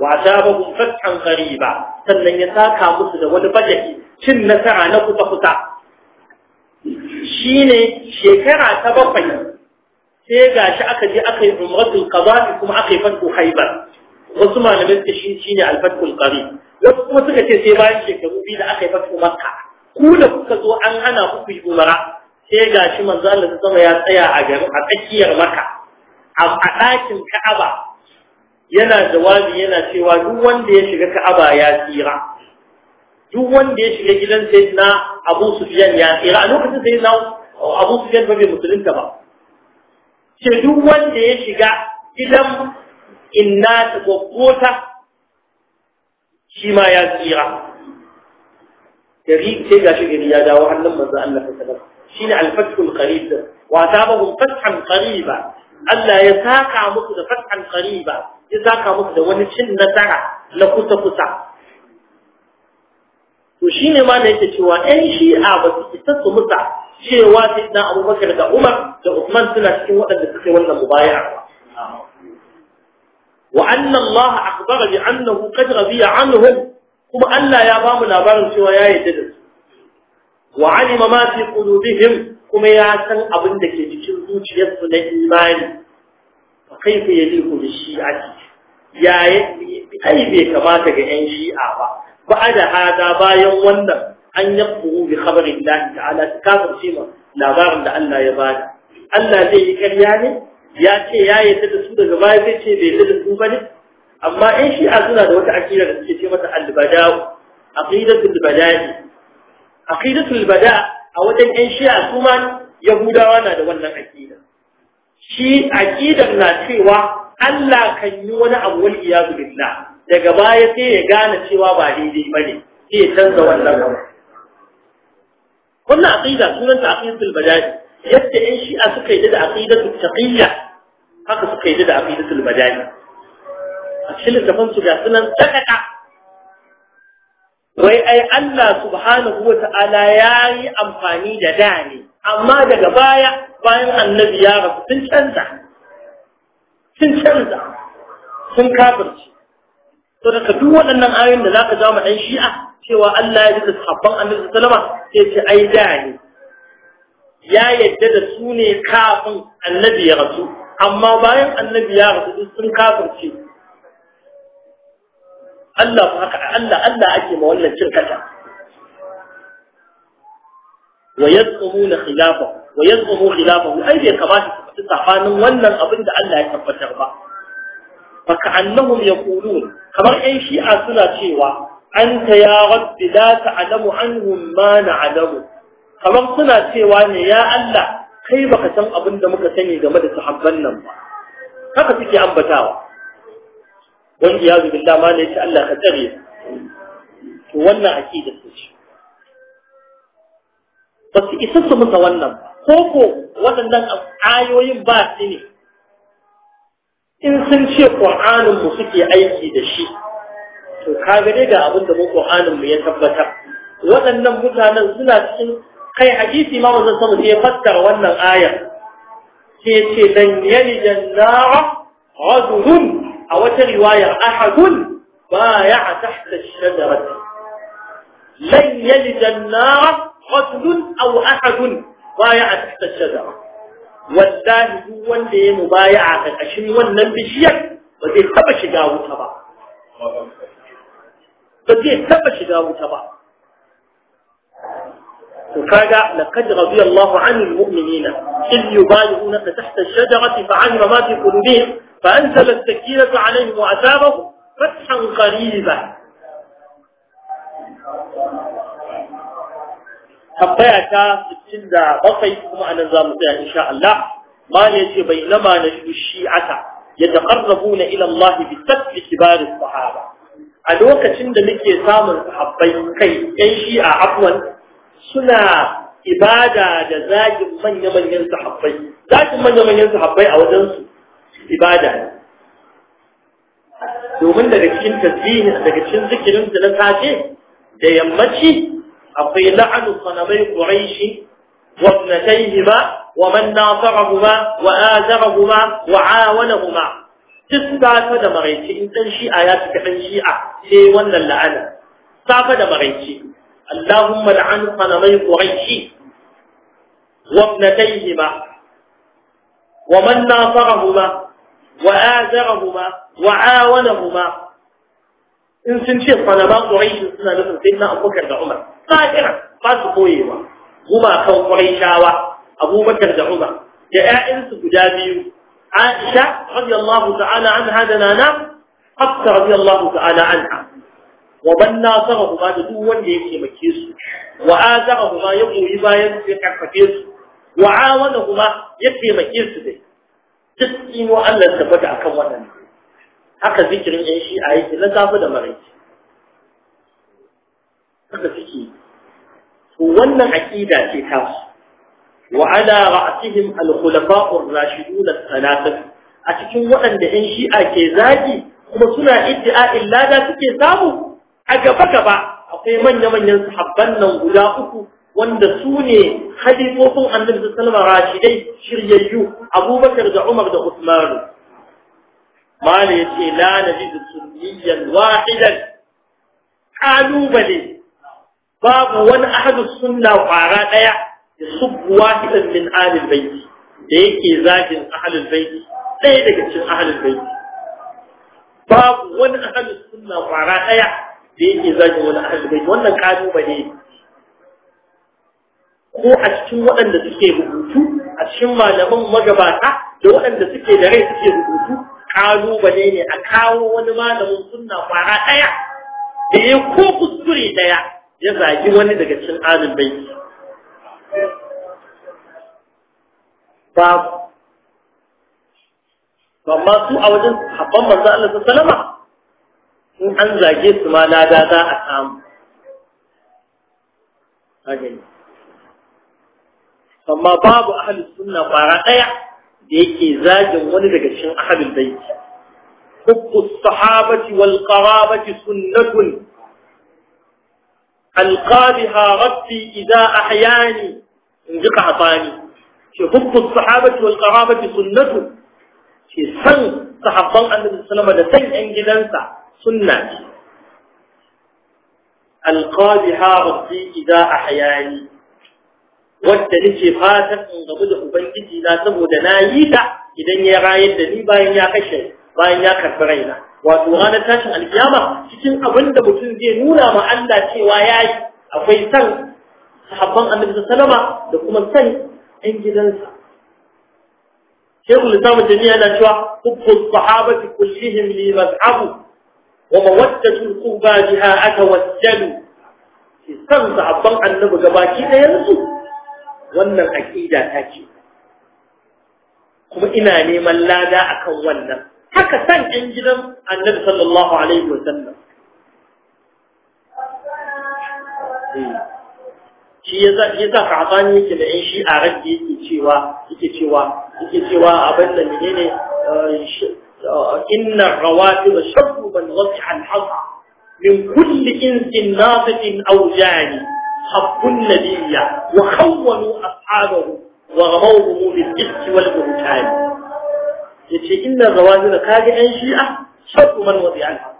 وعذابهم فتحا غريبا سنن يساكا مسجد ونبجه شن na نقطة قطع shine shekara ta bakwai sai gashi aka je aka yi umratul kuma aka yi fatu khaybar wasu malamai suka shi shine al-fatul wasu kuma suka ce sai bayan shekaru biyu da aka yi fatu makka ku da kuka zo an hana ku ku yi sai gashi manzo Allah sama ya tsaya a garin a tsakiyar makka a ɗakin ka'aba yana jawabi yana cewa duk wanda ya shiga ka'aba ya tsira duk wanda ya shiga gidan sai na abu sufiyan ya tsira a lokacin sai na abu sufiyan ba bai musulunta ba ce duk wanda ya shiga gidan inna ta gwaggota shi ma ya tsira gari sai ga shi gari ya dawo hannun manzo Allah ta sallama Shi ne fathul qarib wa tabahum fathan qariba Allah ya saka muku da fathan qariba ya saka muku da wani cin nasara na kusa kusa to shine ma da yake cewa yan shi'a ba su isa su musa cewa sai abubakar da umar da usman suna cikin waɗanda suke wannan mubaya'a wa anna allah akhbara bi annahu qad radiya anhum kuma allah ya ba mu labarin cewa ya yarda da su wa alima ma fi qulubihim kuma ya san abin da ke cikin zuciyarsu na imani fa kaifa yaliku bi shi'ati ya ai bai kamata ga yan shi'a ba بعد هذا bayan wannan an yakuru habarin khabarin Allah ta'ala kafir shi ma labarin da Allah ya bada Allah zai yi ƙarya ne ya ce ya yarda da su daga baya zai ce bai yarda su bane amma in shi a suna da wata akida da suke ce mata al-bada'u aqidatul bada'i aqidatul bada' a wajen ƴan shi'a kuma yahudawa na da wannan akida shi akidar na cewa Allah kan yi wani abu wal iyadu billah daga baya sai ya gane cewa ba daidai ba ne sai ya canza wannan abu wannan aqida sunan ta aqidatul Bajani. yadda ƴan shi'a suka yi da aqidatul taqiyya haka suka yi da aqidatul Bajani. a cikin da su ga sunan tsakaka wai ai Allah subhanahu wa ta'ala ya yi amfani da da ne amma daga baya bayan annabi ya rasu sun canza sun canza sun kafirci to daga duk waɗannan ayoyin da zaka ja mu dan shi'a cewa Allah ya ji da sahabban Annabi sallama sai ce ai da ne ya yadda da su ne kafin Annabi ya rasu amma bayan Annabi ya rasu duk sun kafirce Allah haka Allah Allah ake ma wannan cin kata wa yazumuna khilafahu wa yazumu khilafahu ai bai kamata su tafi tsakanin wannan abin da Allah ya tabbatar ba baka annahu ya kulu kamar ɗan shi'a suna cewa an ta ya rabbi la alamu, anhum ma alamu. kamar suna cewa ne ya Allah kai baka san abin da muka sani game da sahabban nan ba haka suke ambatawa wanda ya zubi dama ne ta Allah ka tsare to wannan aqida ce ba su isa su musa wannan ba ko ko waɗannan ayoyin ba su ne in sun ce ƙur'anin mu suke aiki da shi to kaga ga dai ga abin da mu ƙur'anin mu ya tabbatar waɗannan mutanen suna cikin kai hadisi ma wannan sama sai fassara wannan aya Ke ce dan yali jannara rajulun a wata riwaya ahadun baya tahta shajarati lan yali jannara rajulun aw ahadun baya tahta shajarati wallahi duk wanda ya mubaya a ƙarƙashin wannan bishiyar ba zai taɓa shiga wuta ba ba zai taɓa shiga wuta ba to kaga laqad radiya Allahu 'anil mu'minina id yubayyi'unaka tahta ash-shajarati fa'alima ma fi qulubihim فأنزل السكينة عليهم وعذابهم فتحا قريبا tambaya ta 67 kuma anan zamu tsaya insha Allah mal yace nama na shi'ata yataqarrabuna ila Allah bi sabbi kibar sahaba a lokacin da muke samun sahabbai kai yan shi'a afwan suna ibada da zakin manya-manyan sahabbai Zakin manya-manyan sahabbai a wajen su ibada ne domin daga cikin tasbihin daga cikin zikirin da na safe da yammaci akwai la'anu sanamai quraishi wa ibnatayhima wa man nasarahuma wa azarahuma wa awanahuma duk ta da maraice in dan shi'a ya cika dan shi'a sai wannan la'ana safa da maraice Allahumma la'an qanamai quraishi wa ibnatayhima wa man nasarahuma wa azarahuma wa awanahuma in sun ce kwanaba ƙuraishin suna nufin sai na abubakar da umar tsakira ba su koyewa gumakan ƙuraishawa abubakar da umar da ‘ya'yansu guda biyu aisha radiyallahu ta'ala an hada nana hafsa radiyallahu ta'ala anha wa ban nasara kuma da duk wanda ya taimake su wa kuma ya koyi bayan su ya karfafe su wa kuma ya taimake su dai duk ino Allah tabbata akan waɗannan. haka zikirin yan a yake na zafi da maraice haka suke to wannan aƙida ce ta su wa ana ra'atihim al rashidu ar-rashidun a cikin waɗanda yan a ke zagi kuma suna a illada suke samu a gaba gaba akwai manya-manyan sahabban nan guda uku wanda su ne hadisofin annabi sallallahu alaihi wasallam rashidai shiryayyu abubakar da umar da usmanu mala ya ce la na ji sunniyan wahidan ƙalubale babu wani ahadu sunna fara ɗaya ya buwa wahidan min ahalin baiti da yake zagin ahalin baiti ɗaya daga cikin ahalul baiti babu wani sun sunna fara ɗaya da yake zagin wani ahalin baiti wannan ƙalubale ko a cikin waɗanda suke rubutu a cikin malaman magabata da waɗanda suke da rai suke rubutu kalubale ne a kawo wani malamin sunna fara ɗaya da ya ko kuskure ɗaya ya zagi wani daga cikin alim bai babu amma su a wajen habban manzo Allah sallama in an zage su ma lada za a samu amma babu ahli sunna fara daya yake zagin wani daga cikin ahlul bait hubbu sahabati wal qarabati sunnatun alqa biha rabbi idha ahyani injika afani shi hubbu sahabati wal qarabati sunnatun shi san sahabban annabi sallallahu alaihi wasallam da san gidansa sunna ce alqa rabbi idza ahyani wadda nake fatan in gabu da ubangiji na saboda na yi ta idan ya rayar da ni bayan ya kashe bayan ya karɓi raina wato ranar tashin alkiyama cikin abin da mutum zai nuna ma Allah cewa ya yi akwai san sahabban annabi sallama da kuma san ɗan gidansa yana cewa الجميع نشوى حب الصحابة كلهم لي مذعب ومودة القربى بها أتوسل في سنة عبان النبي قباكي ينسو wannan aƙida ta ce kuma ina neman lada akan wannan haka san ɗan gidan annabi sallallahu alaihi wa sallam eh. shi ya sa kafani yake da yan shi'a rabbi yake cewa yake cewa yake cewa abin da menene eh, eh, inna rawatib shabbu man wasi'a al-hazm min kulli insin nafiqin aw jani حق النبي وخونوا أصحابه وغموه بالإفك والبهتان يتي إن الزواجر كاجع شيئة شر من وضعها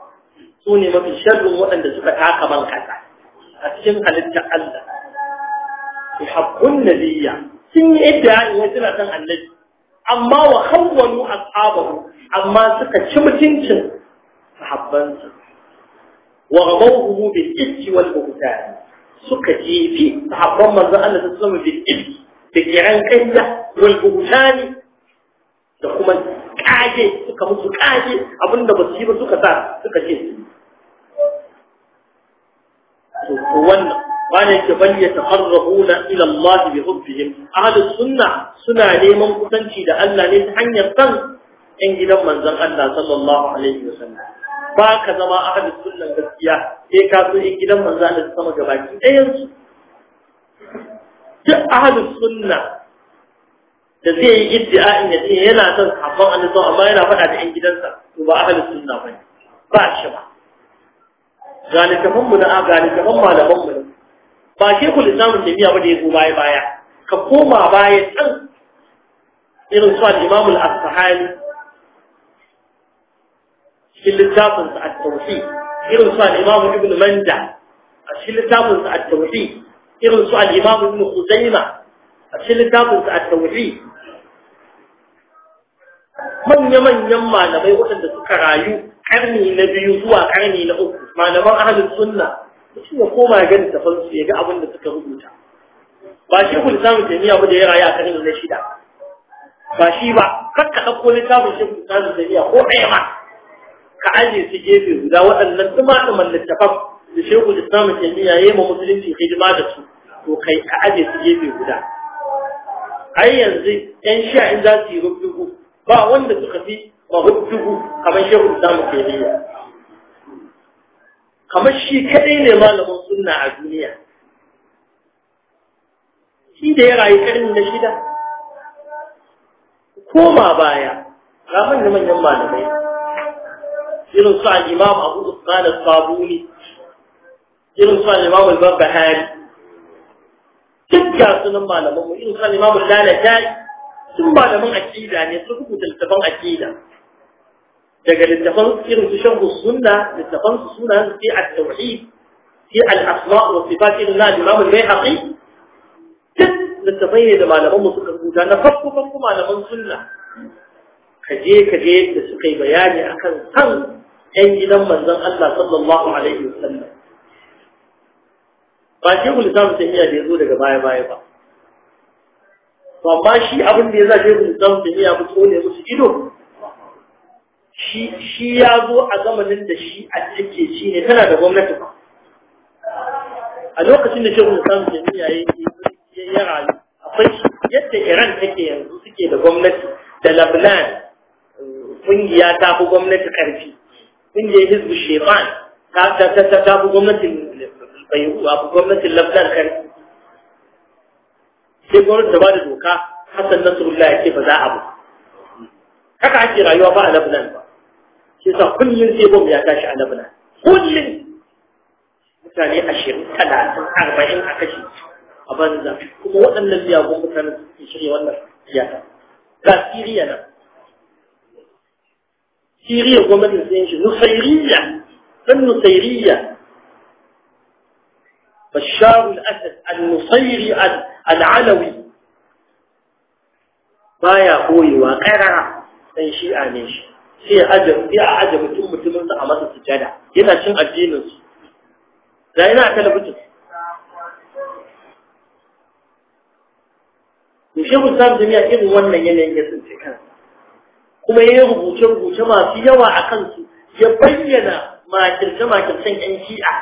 سوني ما في شر وأن تسبك عاقب الخسع أتجمع للتعلى حق النبي sun yi iddiyayin wai suna son annabi amma wa khawwanu ashabahu amma suka ci mutuncin sahabbansa wa ghadawhu bil ikki wal buhtan suka jefi sahabban manzo Allah ta sallama bil ilmi da kiran kanya wal buhtani da kuma kaje suka musu kaje abinda ba su yi ba suka sa suka ce to wannan wani ke bal yataharrabuna ila Allah bi hubbihim ahlus sunna suna neman kusanci da Allah ne ta hanyar san yan gidan manzon Allah sallallahu alaihi wasallam ba ka zama ahalin sunan gaskiya sai ka so in gidan manzo Allah sama ga baki ɗayan su duk ahalin sunna da zai yi iddia'in ya ce yana son sahabban annabawa amma yana faɗa da ƴan gidansa to ba ahalin sunna ba ba shi ba ga littafan mu na ga littafan malaman mu ba ke shekul samun jami'a ba da ya zo baya baya ka koma baya ɗan irin su al-imamul as-sahani cikin littafin sa at-tawhid irin su al Ibn Manda a cikin littafin sa at irin su al Ibn Khuzaimah a cikin littafin sa at manya-manyan malamai waɗanda suka rayu karni na biyu zuwa karni na uku malaman ahalin sunna mutum ya koma ya gani tafan su ya ga abin da suka rubuta ba shi ku littafin jami'a ba da ya rayu a karni na shida ba shi ba kakka ɗauko littafin shi ku jami'a ko ɗaya ka aje su gefe guda waɗannan tumatuman littafan da shehu da samun jami'a ya yi ma musulunci hidima da su to kai ka aje su gefe guda ai yanzu yan sha in za su yi rubdugu ba wanda suka fi ma rubdugu kamar shehu da samun jami'a kamar shi kaɗai ne malamin sunna a duniya shi da ya rayu karni na shida koma baya ga manyan manyan malamai irin su al-imam abu usman al-sabuni irin su al-imam al-barbahari duk ga sunan malaman mu irin su al-imam al-lalatai sun malaman aqida ne sun rubuta littafan aqida daga littafan irin su shan sunna littafan su suna fi at-tauhid fi al-asma wa sifat irin na al-imam al-baihaqi duk littafai ne da malaman mu suka rubuta na farko farko malaman sunna kaje kaje da suka yi bayani akan san ɗan gidan manzan Allah sallallahu alaihi wasallam ba ke ku lissafi tafiya da ya zo daga baya baya ba Ba ba shi abin da ya za shi ku lissafi tafiya mu tsone musu ido shi ya zo a zamanin da shi a cike shi ne tana da gwamnati ba a lokacin da shehu samu jami'a ya ya rayu akwai shi yadda iran take yanzu suke da gwamnati da lebanon eh, kungiya ta fi gwamnati ƙarfi. inda ya hizbu shaitan ta ta ta ta ta gwamnatin bayu a gwamnatin lafdar kan sai gwamnati ta ba da doka Hassan Nasrullah ya ce ba za a bu haka ake rayuwa ba a Lebanon ba shi sa kullum sai gwamnati ya tashi a Lebanon kullum mutane ashirin talatin arba'in a kashe a banza kuma waɗannan miyagun mutanen sun shirya wannan siyasa ga Siriya nan سيرية قمت لسينش نصيرية فن نصيرية بشار الأسد النصيري العلوي ما يا أخوي وقرع سينشي آنيش في عجب في عجب تقوم تمنع ما تتجدع هنا شن الدينس لا هنا تلبس مشي بسام جميع إذن وانا ينين يسنسي كان kuma ya rubuce rubuce masu yawa a kansu ya bayyana makirce makircen yan shi'a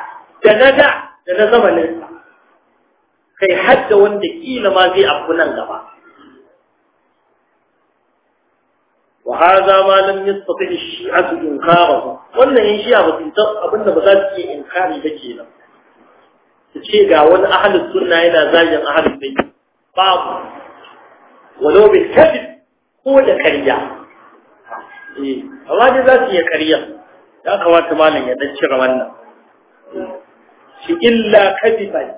da na da da na zamaninsa kai hadda wanda kila ma zai abu nan gaba وهذا ما لم يستطع الشيعة إنكاره wannan yin shi'a ba su abinda ba za su iya inkari ba kenan su ce ga wani ahalin sunna yana zagin ahalin bai babu walau bil ko da karya eh amma dai za su iya ƙarya ya kamata malam ya ɗan cire wannan shi illa kadiban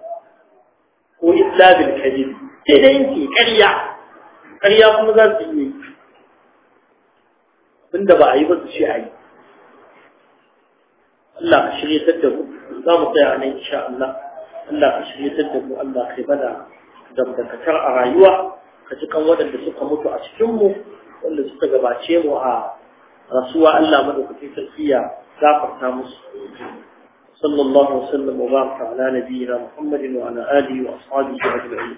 ko illa bil kadib sai dai yin ce ƙarya ƙarya kuma za su iya yi tunda ba a yi ba su shi a yi Allah ka shirya da mu za mu tsaya a nan insha Allah Allah ka shirya da mu Allah yi bada dambakatar a rayuwa ka ji kan waɗanda suka mutu a cikinmu wanda suka gabace mu a rasuwa Allah madaukakin sarkiya gafarta musu sallallahu alaihi wasallam wa baraka ala nabiyyina Muhammadin wa ala alihi wa ashabihi ajma'in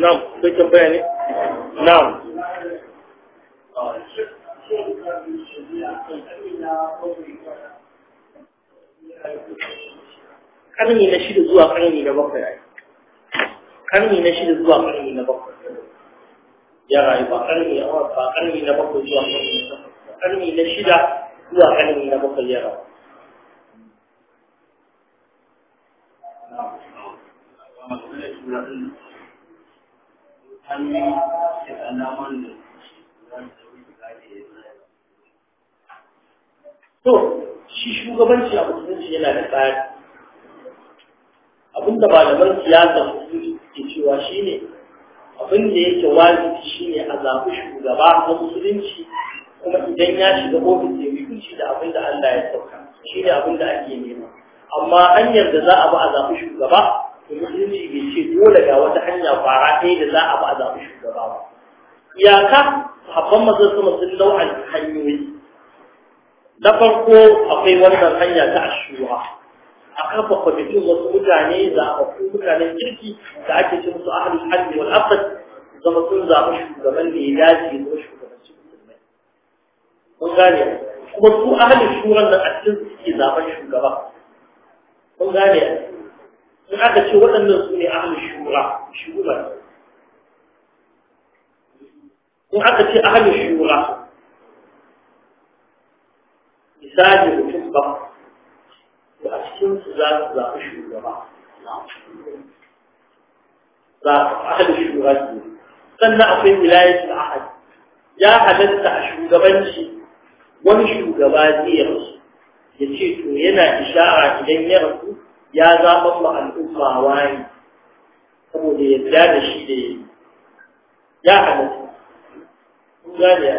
نعم، بيتم tambaya zuwa ƙarni na bakwai a yi ƙarni na shida zuwa ƙarni na bakwai ya rayu ba ƙarni wata ba ƙarni na bakwai zuwa ƙarni na bakwai ƙarni na shida zuwa ƙarni na bakwai ya rayu to shi shugabanci a musulunci yana da tsari abinda malaman siyasa su ke cewa ne abin da yake wajibi ne a zaɓi shugaba na musulunci kuma idan ya shiga ofis ya hukunci da abin da Allah ya sauka shine abin da ake nema amma hanyar da za a ba a zaɓi shugaba da musulunci bai ce dole ga wata hanya fara ɗaya da za a ba a zaɓi shugaba ba iyaka sahabban mazan sama sun lau'an hanyoyi na farko akwai wannan hanya ta ashura a kafa kwamitin wasu mutane zaɓaɓɓun mutanen kirki da ake ce musu ahalin hajji wani asad zama sun zaɓi shugaban da ya dace ko shugabanci musulmai mun gane kuma su ahalin shuran da a cikin suke zaɓen shugaba mun gane in aka ce waɗannan su ne ahalin shura shura Mun aka ce ahalin shura misali mutum ba da cikin su za su zaɓi shugaba za a ahli shugaba ke sannan akwai wilayatul ahad ya halatta a shugabanci wani shugaba zai rasu ya ce to yana ishara idan ya rasu ya zaɓa ma al'umma wani saboda ya da shi da ya halatta kun gane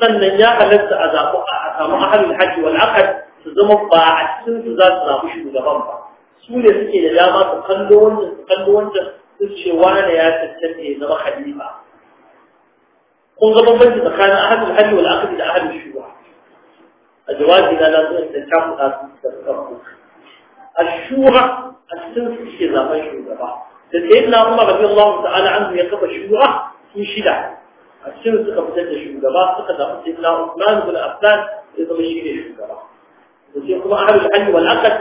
sannan ya halatta a zaɓi a samu ahalin hajji wal aqad su zama ba a cikin su za su samu shugaban ba su ne suke da dama su kallo wannan su kallo wannan su ce wani ya cancanta ya zama khalifa kun ga bambanci tsakanin ahadul hali wal aqdi da ahadul shuwa a jawabi na na zuwa da tafi da su da A ashuha a cikin su suke zaben shugaba da sayyidina Umar radiyallahu ta'ala anhu ya kafa shuwa su shida a cikin suka fitar da shugaba suka zaɓi sayyidina Usman ibn Affan ya zama shi ne shugaba to sai kuma ahlul hajji wal aqd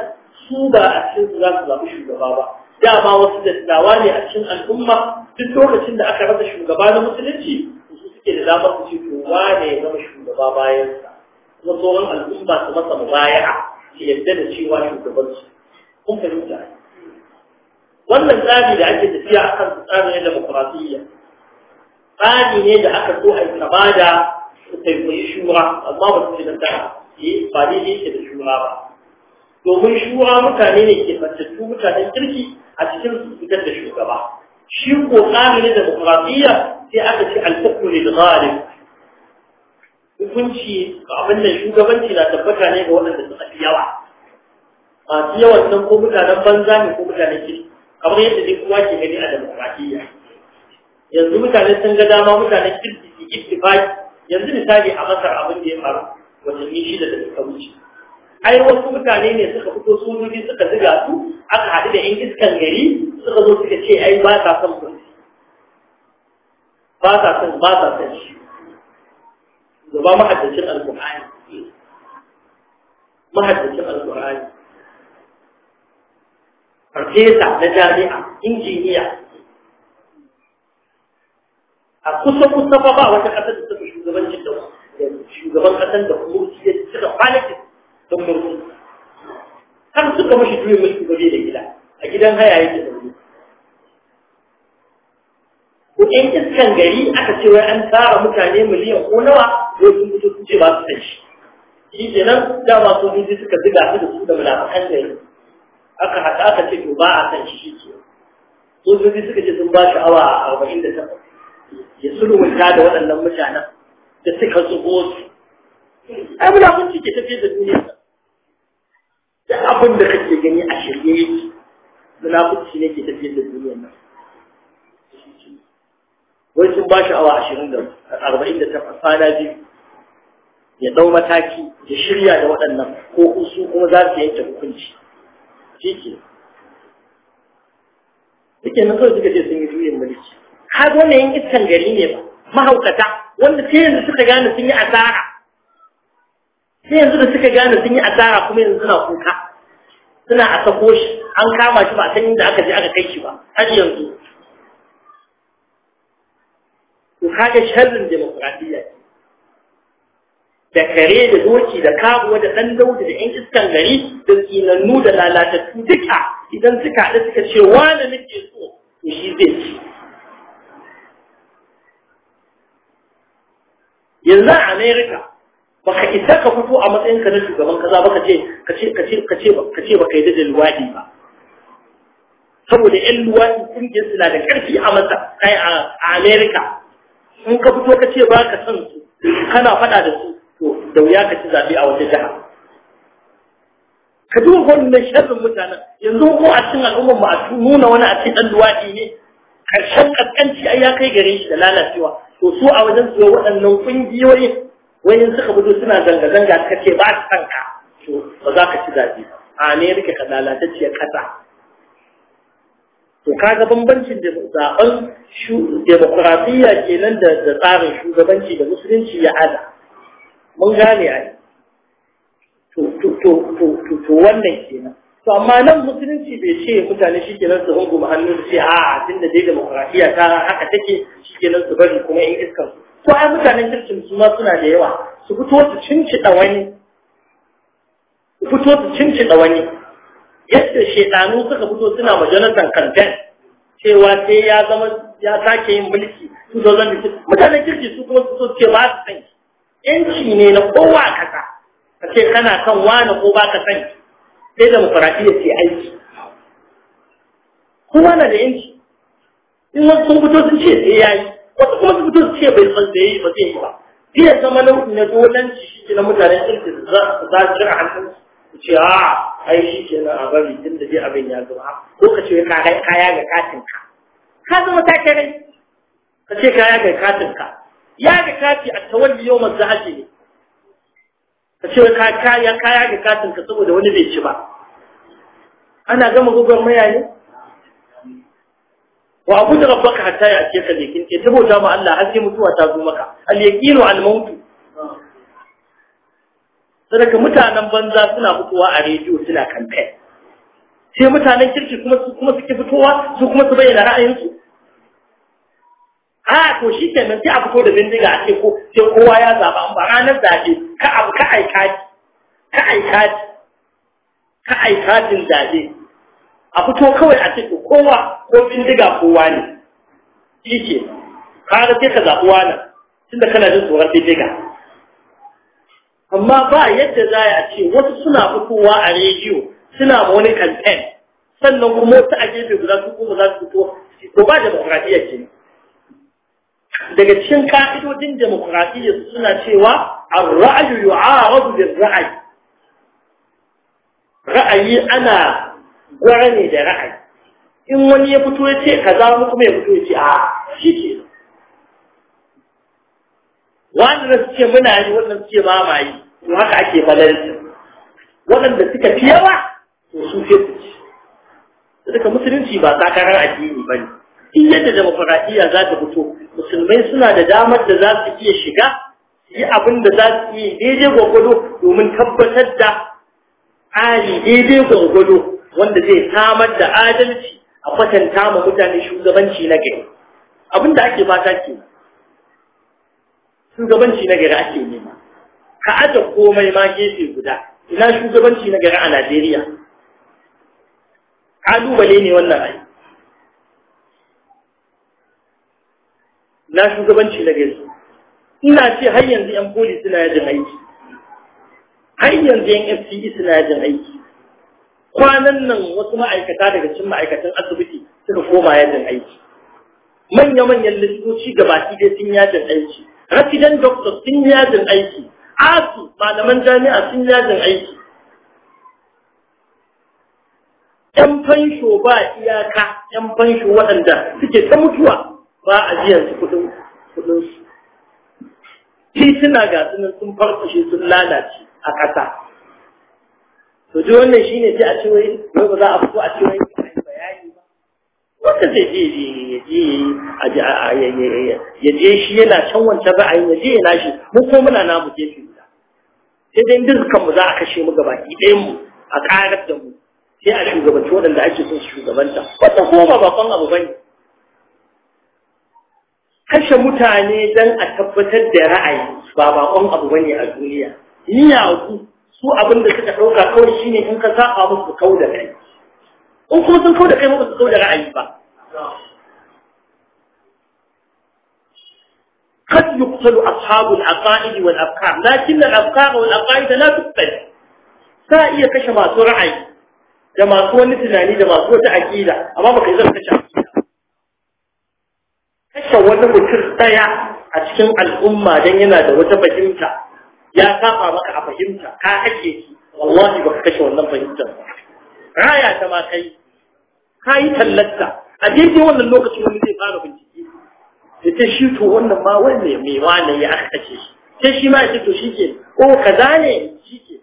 su ba a cikin su za su zaɓi shugaba ba dama wasu dattawa ne a cikin al'umma duk lokacin da aka rasa shugaba na musulunci su suke da damar su ce to wane ya zama shugaba bayan sa kuma sauran al'umma su masa mubaya'a su yadda da cewa shugaban su kun fahimta wannan tsari da ake tafiya a kan tsarin na demokuraɗiyya tsari ne da aka so a yi da su taimaki shura amma ba su ce da eh ba daidai yake da shura ba domin shura mutane ne ke fatattu mutanen kirki a cikin su fitar da shugaba shi ko tsarin da demokradiyya sai aka ce al ne da ghalib hukunci abin da shugabanci na tabbata ne ga waɗanda suka fi yawa masu yawan nan ko mutanen banza ne ko mutanen kirki kamar yadda dai kowa ke gani a demokradiyya yanzu mutane sun ga dama mutanen kirki su ittifaki yanzu misali a masar abin da ya faru watanni shida da suka wuce ai wasu mutane ne suka fito sojoji suka ziga su aka haɗu da 'yan iskan gari suka zo suka ce ai ba sa son kurti ba sa son ba sa son shi gaba mahaddacin alƙur'ani mahaddacin alƙur'ani farfesa na jami'a injiniya a kusa kusa ba ba wata ƙasa da suka shugabancin da wasu shugaban kasan da mursi ya cika kwanaki don mursi har suka mashi juyin mulki waje da gida a gidan haya yake da wuri kuɗin iskan gari aka ce wai an tara mutane miliyan ko nawa wai sun fito sun ce ba su san shi shi kenan dama sojoji suka ziga su da su da munafikan gari aka haɗa aka ce to ba a san shi ke sojoji suka ce sun ba shi awa arba'in da takwas ya sulhunta da waɗannan mutanen da suka zubo su ai munafunci ke tafi da duniya da abin da kake gani a shirye yake munafunci ne ke tafiye da duniya nan wai sun ba shi awa ashirin da arba'in da takwas na biyu ya dau mataki ya shirya da waɗannan ko su kuma za su yanke hukunci shi ke suke na kawai suka ce sun yi juyin mulki har wannan yin iskan gari ne ba mahaukata wanda sai yanzu suka gane sun yi asara sai yanzu da suka gane sun yi asara kuma yanzu suna kuka suna a sako shi an kama shi ba san inda aka je aka kai shi ba har yanzu to kage sharrin demokradiyya da kare da doki da kabuwa da ɗan dauda da ƴan iskan gari da tsinannu da lalatattu duka idan suka haɗu suka ce wane nake so to shi zai ci yanzu a america ka isa ka fito a matsayin na shugaban kaza ba ka ce ka ka yi da luwaɗi ba saboda yan luwaɗi kungiyar su na da ƙarfi a masa a america in ka fito ka ce ba ka san su kana faɗa da su to da wuya ka ci zaɓe a wata jiha ka duba wannan sharrin mutanen yanzu ko a cikin al'ummar mu a nuna wani a cikin ɗan luwaɗi ne Karshen ƙasƙanci ai ya kai gare shi da lalacewa to su a wajen su waɗannan ƙungiyoyi wani suka fito suna zanga-zanga suka ce ba su san to ba za ka ci zaɓe a ne rike ka lalatacciyar ƙasa to kaga bambancin da zaɓen demokuraɗiyya kenan da tsarin shugabanci da musulunci ya ada mun gane ai to to to to to wannan kenan to amma nan musulunci bai ce mutane shi kenan su rungume hannu su ce a tunda dai demokradiyya ta haka take shi kenan su bari kuma in iska to ai mutanen kirkin su ma suna da yawa su fito su cincida wani su fito su cincida wani yadda shedanu suka fito suna ma Jonathan campaign cewa sai ya zama ya sake yin mulki 2006 mutanen kirki su kuma su so ce ba su sanki yanci ne na kowa kasa ka ce kana kan wani ko ba ka sanki. sai demokuraɗiyya ce aiki Kuma na da yanki in wasu sun fito sun ce sai ya yi wasu kuma sun fito sun ce bai san da ya yi ba zai yi ba zai zama nau'i na dolanci shi ke na mutanen kirki za su jira hannun su ce a ah, ai shi ke na abari tun da dai abin ya zama ko ka ce ka kaya ga katin ka ka zama ta kai ka ce kaya ga katin ka ya ga kati a tawalli yau mazahaji ne ka ce ka kaya kaya ga katin ka saboda wani bai ci ba ana gama gugun maya ne wa abu da rabbaka hatta ya ake ka lekin ke ta bauta ma Allah har sai mutuwa ta zo maka al yaqinu al mautu sadaka mutanen banza suna fitowa a rediyo suna kan kai sai mutanen kirki kuma kuma suke fitowa su kuma su bayyana ra'ayinsu a to shi kenan sai a fito da bindiga a ce ko sai kowa ya zaba an ba ranar zabe ka abu ka aika ka aika ka aika zabe a fito kawai a ce to kowa ko bindiga kowa ne shi ke kaga sai ka zaɓi wani tunda kana jin tsoron bindiga amma ba yadda za a ce wasu suna fitowa a rediyo suna wani campaign sannan kuma wasu a gefe guda su kuma za su fito ko ba da demokradiyya kenan daga cikin ka'idodin demokradiyya suna cewa ar-ra'ayu yu'aradu bir-ra'ayi ra'ayi ana gwara ne da ra'ayi in wani ya fito ya ce kaza mu kuma ya fito ya ce a shi ke wanda suke muna yi wannan suke mamaye to haka ake balanci waɗanda suka fi yawa to su fi su ci daga musulunci ba sakarar addini ba ne in yadda demokuraɗiyya za ta fito musulmai suna da damar da za su iya shiga yi abin da za su yi daidai gwagwado domin tabbatar da tsari daidai gwagwado wanda zai samar da adalci a kwatanta ma mutane shugabanci na gari abin da ake fata ke shugabanci na gari ake nema ka aje komai ma gefe guda ina shugabanci na gari a Najeriya Ka dubale ne wannan ayi. na shugabanci da gaisu ina ce har yanzu yan poli suna yajin aiki har yanzu yan fce suna yajin aiki kwanan nan wasu ma'aikata daga cin ma'aikatan asibiti suka koma yajin aiki manya-manyan likitoci gabaki dai sun yajin aiki rafidan doctor sun yajin aiki asu malaman jami'a sun yajin aiki yan fansho ba iyaka yan fansho waɗanda suke ta mutuwa ba a biyan su kudin kudin su tituna ga sunan sun farfashe sun lalace a ƙasa to ji wannan shine ji a ce wai ba za a fito a a yi bayani ba wanda zai je ya je a je ya je shi yana can wancan ra'ayin ya je ya nashi mu ko muna namu gefe guda sai dai dukkan mu za a kashe mu gabaki ɗayan mu a ƙarar da mu sai a shugabanci waɗanda ake son shugabanta wata kuma ba kwan abu bane kashe mutane don a tabbatar da ra'ayi ba baƙon abu bane a duniya miyagu su abin da suka ɗauka kawai shine in ka saba musu kau da kai in kuma sun kau da kai musu kau da ra'ayi ba قد يقتل al العقائد والأفكار لكن الأفكار والعقائد لا تقتل سائية كشما سرعي da masu wani tunani da masu wata aƙida amma baka yi zan kashe kashe wani mutum ɗaya a cikin al'umma don yana da wata fahimta ya saba maka a fahimta ka ake ki wallahi ka kashe wannan fahimtar raya ta ma kai ka yi tallata a daidai wannan lokacin wani zai fara bincike da ta shi to wannan ma wani mai wane ya aka kashe shi sai shi ma ce to shi ke ko kaza ne shi ke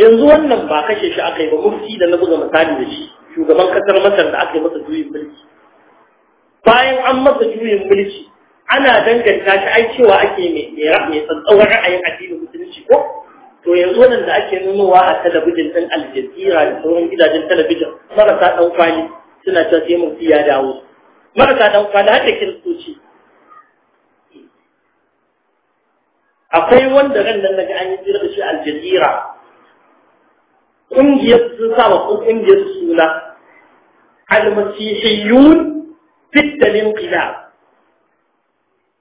yanzu wannan ba kashe shi aka yi ba mufti da na buga misali da shi shugaban kasar masar da aka yi masa juyin mulki bayan an masa juyin mulki ana danganta shi ai cewa ake mai mai tsantsauran ra'ayin addinin musulunci ko to yanzu nan da ake nunowa a talabijin ɗin aljazira da sauran gidajen talabijin marasa ɗan kwali suna cewa sai mun ya dawo marasa ɗan kwali har da kiristoci akwai wanda ran nan daga an yi tsira da shi aljazira ƙungiyar sun sa wa ƙungiyar suna almasihiyun fiddalin ƙila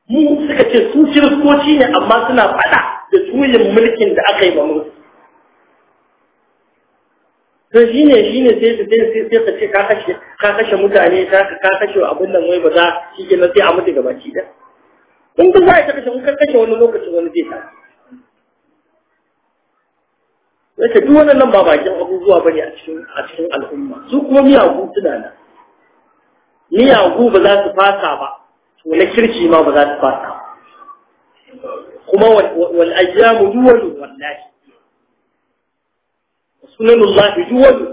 mu suka ce su kiristoci ne amma suna faɗa da tulin mulkin da aka yi ba mu to shi ne shi ne sai sai sai ka ce ka kashe mutane ka ka kashe abin nan wai ba za shi ke nan sai a mutu gabaki da kun ga sai ka kashe kan kashe wani lokaci wani zai ta yace duk wannan ba bakin abubuwa bane a cikin a cikin al'umma su kuma miyagu tunana miyagu ba za su fasa ba to na kirki ma ba za su fasa ba kuma wal ayyamu duwalu wallahi sunanullahi duwalu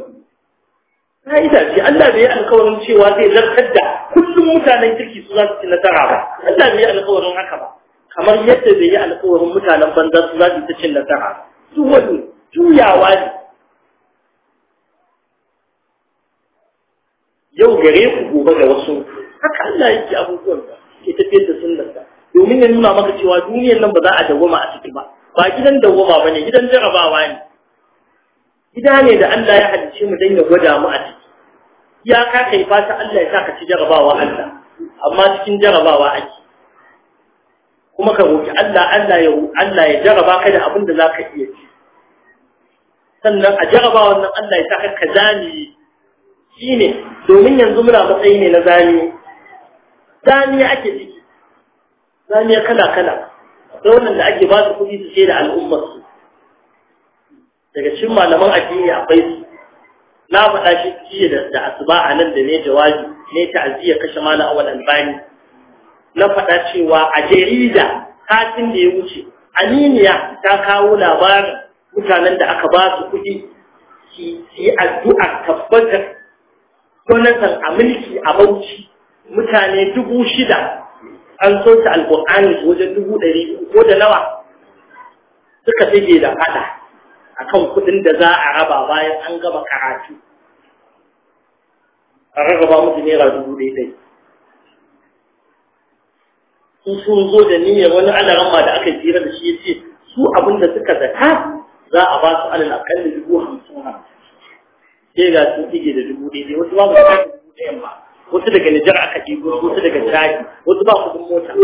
ka'ida ce Allah bai alƙawarin cewa zai zartar da kullum mutanen kirki su za su ci nasara ba Allah bai alƙawarin haka ba kamar yadda bai yi alƙawarin mutanen banza su za su ta nasara duwalu juyawa ne yau gare ku gobe ga wasu haka Allah yake abubuwan da ke tafiyar da sunnar da domin ya nuna maka cewa duniyar nan ba za a dawwama a ciki ba ba gidan dawwama bane gidan jarabawa ne gida ne da Allah ya halicce mu dan ya gwada mu a ciki ya ka kai fata Allah ya saka ci jarabawa Allah amma cikin jarabawa ake kuma ka roki Allah Allah ya Allah ya jaraba ka da abin da zaka iya ci sannan a jarabawan nan Allah ya saka ka zani shi ne domin yanzu muna matsayi ne na zami zamiya ake ciki zamiya kala-kala da wannan da ake ba su kuɗi su ce da al'ummarsu daga cin malaman addini akwai su na faɗa shi jiya da asuba a nan da ne jawabi ne ta'aziyya kashe malam awal albani na faɗa cewa a jarida katin da ya wuce aminiya ta kawo labarin mutanen da aka ba su kuɗi su yi addu'a tabbatar jonathan a mulki a bauchi mutane dubu shida an soke alƙur'ani wajen dubu ɗari ko da nawa suka fige da fada a kan kuɗin da za a raba bayan an gama karatu a rarraba musu naira dubu ɗaya sun sun zo da niyyar wani alaramma da aka jira da shi ya ce su abin da suka zata za a ba su alal akalli dubu hamsin sai ga sun ige da dubu ɗaya wasu ba mu da dubu ɗayan ba wasu daga Nijar aka ɗigo wasu daga jari, wasu ba kuɗin mota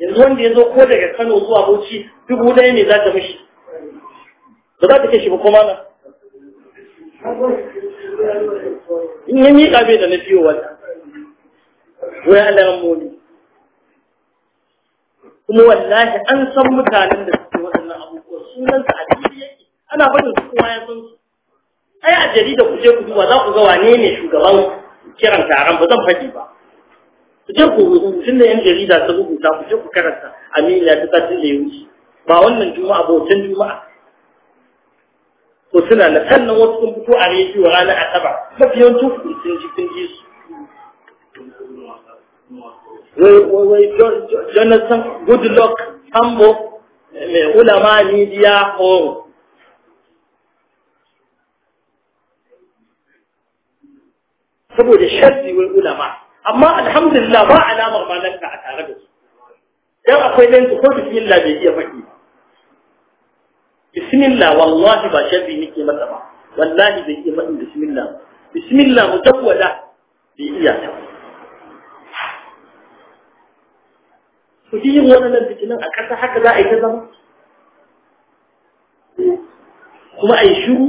yanzu wanda ya zo ko daga Kano zuwa Bauchi dubu ɗaya ne za ta mishi ba za ta kai shi ba kuma na in ya miƙa bai da na fiyo wata wani alaran moli kuma wallahi an san mutanen da suke waɗannan abubuwa, sunansa a fili yake ana barin su kowa ya san su ai a jarida ku je ku duba za ku ga wane ne shugaban kiran taron ba zan faɗi ba ku je ku rubutun da yan jarida sun rubuta ku je ku karanta a miliya ta satin da ya wuce ba wannan juma'a ba wancan juma'a ko suna na sannan wasu sun fito a rediyo ranar asabar mafi yawancin ku sun ji kun ji su wai jonathan goodluck sambo mai ulama media horo saboda sharri wal ulama amma alhamdulillah ba alamar malaka a tare da su dan akwai nan ko bismillah bai iya faɗi bismillah wallahi ba sharri nake masa ba wallahi bai iya faɗin bismillah bismillah mutawwala bai iya ta ku ji yin waɗannan fitinan a ƙasa haka za a yi ta zama kuma a yi shiru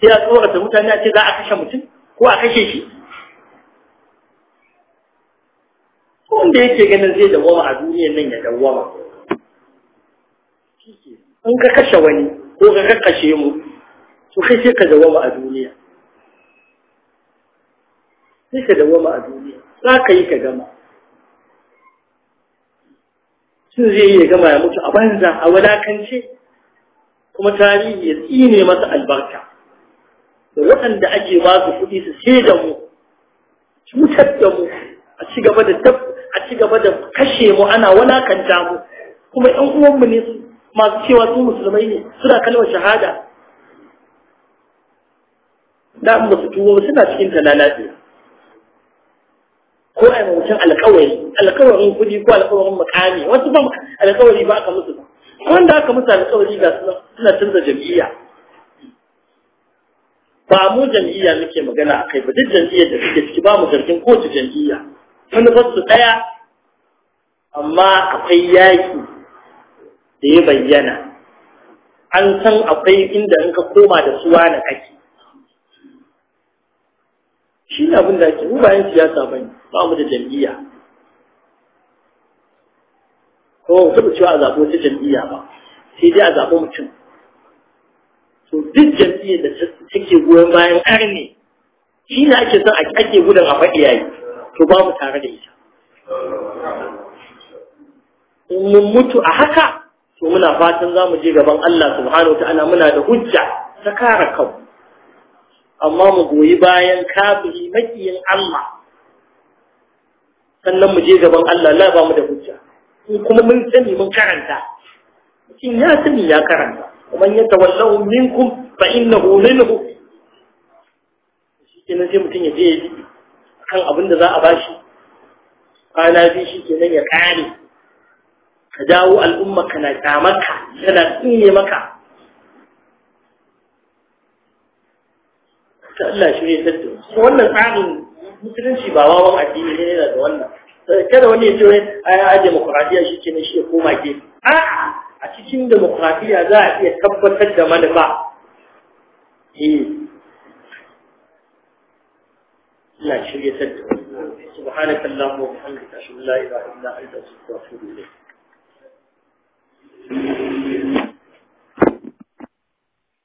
sai a tsorata mutane a ce za a kashe mutum ko a kashe shi wanda yake ganin zai dawama a duniyar nan ya dawama in ka kashe wani ko ka kakashe mu to kai sai ka dawama a duniya sai ka dawama a duniya za ka yi ka gama sun zai yi ya gama ya mutu a banza a wadakance kuma tarihi ya tsine masa albarka da waɗanda ake ba su kuɗi su sai da mu cutar da mu a ci gaba da tab a ci gaba da kashe mu ana walakanta mu kuma ƴan uwanmu ne masu cewa su musulmai ne suna kalmar shahada da ba su tuwo suna cikin ta lalace ko a mutum alƙawari alƙawarin kudi ko alƙawarin makami wasu ba alƙawari ba aka musu ba wanda aka musu alƙawari ga suna canza jam'iyya ba mu jam'iyya muke magana a kai ba duk jam'iyyar da suke ciki ba mu zargin kowace jam'iyya manufarsu ɗaya amma akwai yaƙi da ya bayyana an san akwai inda in ka koma da suwa na ake shi ne abin da ake mu bayan siyasa ba ne ba mu da jam'iyya ko taɓa cewa a zaɓi wata jam'iyya ba sai dai a zaɓi mutum to duk jam'iyyar da take goyon bayan ƙarni shi ne ake son ake gudun a faɗi yayi to ba mu tare da ita in mun mutu a haka to muna fatan za mu je gaban Allah subhanahu ta'ala muna da hujja ta kare kau amma mu goyi bayan kafiri makiyin Allah sannan mu je gaban Allah la ba mu da hujja in kuma mun sani mun karanta in ya sani ya karanta kuma ya tawallahu minkum fa innahu minhu shi kenan sai mutum ya je Kan abin da za a ba shi, kwana biyu shi nan ya kare ka dawo al'umma kana kyamarka tana tsinye maka ta Allah shi ne ta wannan tsarin musulunci ba wawan addini ne yana da wannan eh, kada wani ya ce a yi ajiye makwarafiya shi nan, shi ya koma ke. a'a a cikin demokradiya za a iya tabbatar da manufa eh. Allah ya shirya ta da subhanaka Allahumma wa bihamdika ashhadu an la ilaha illa anta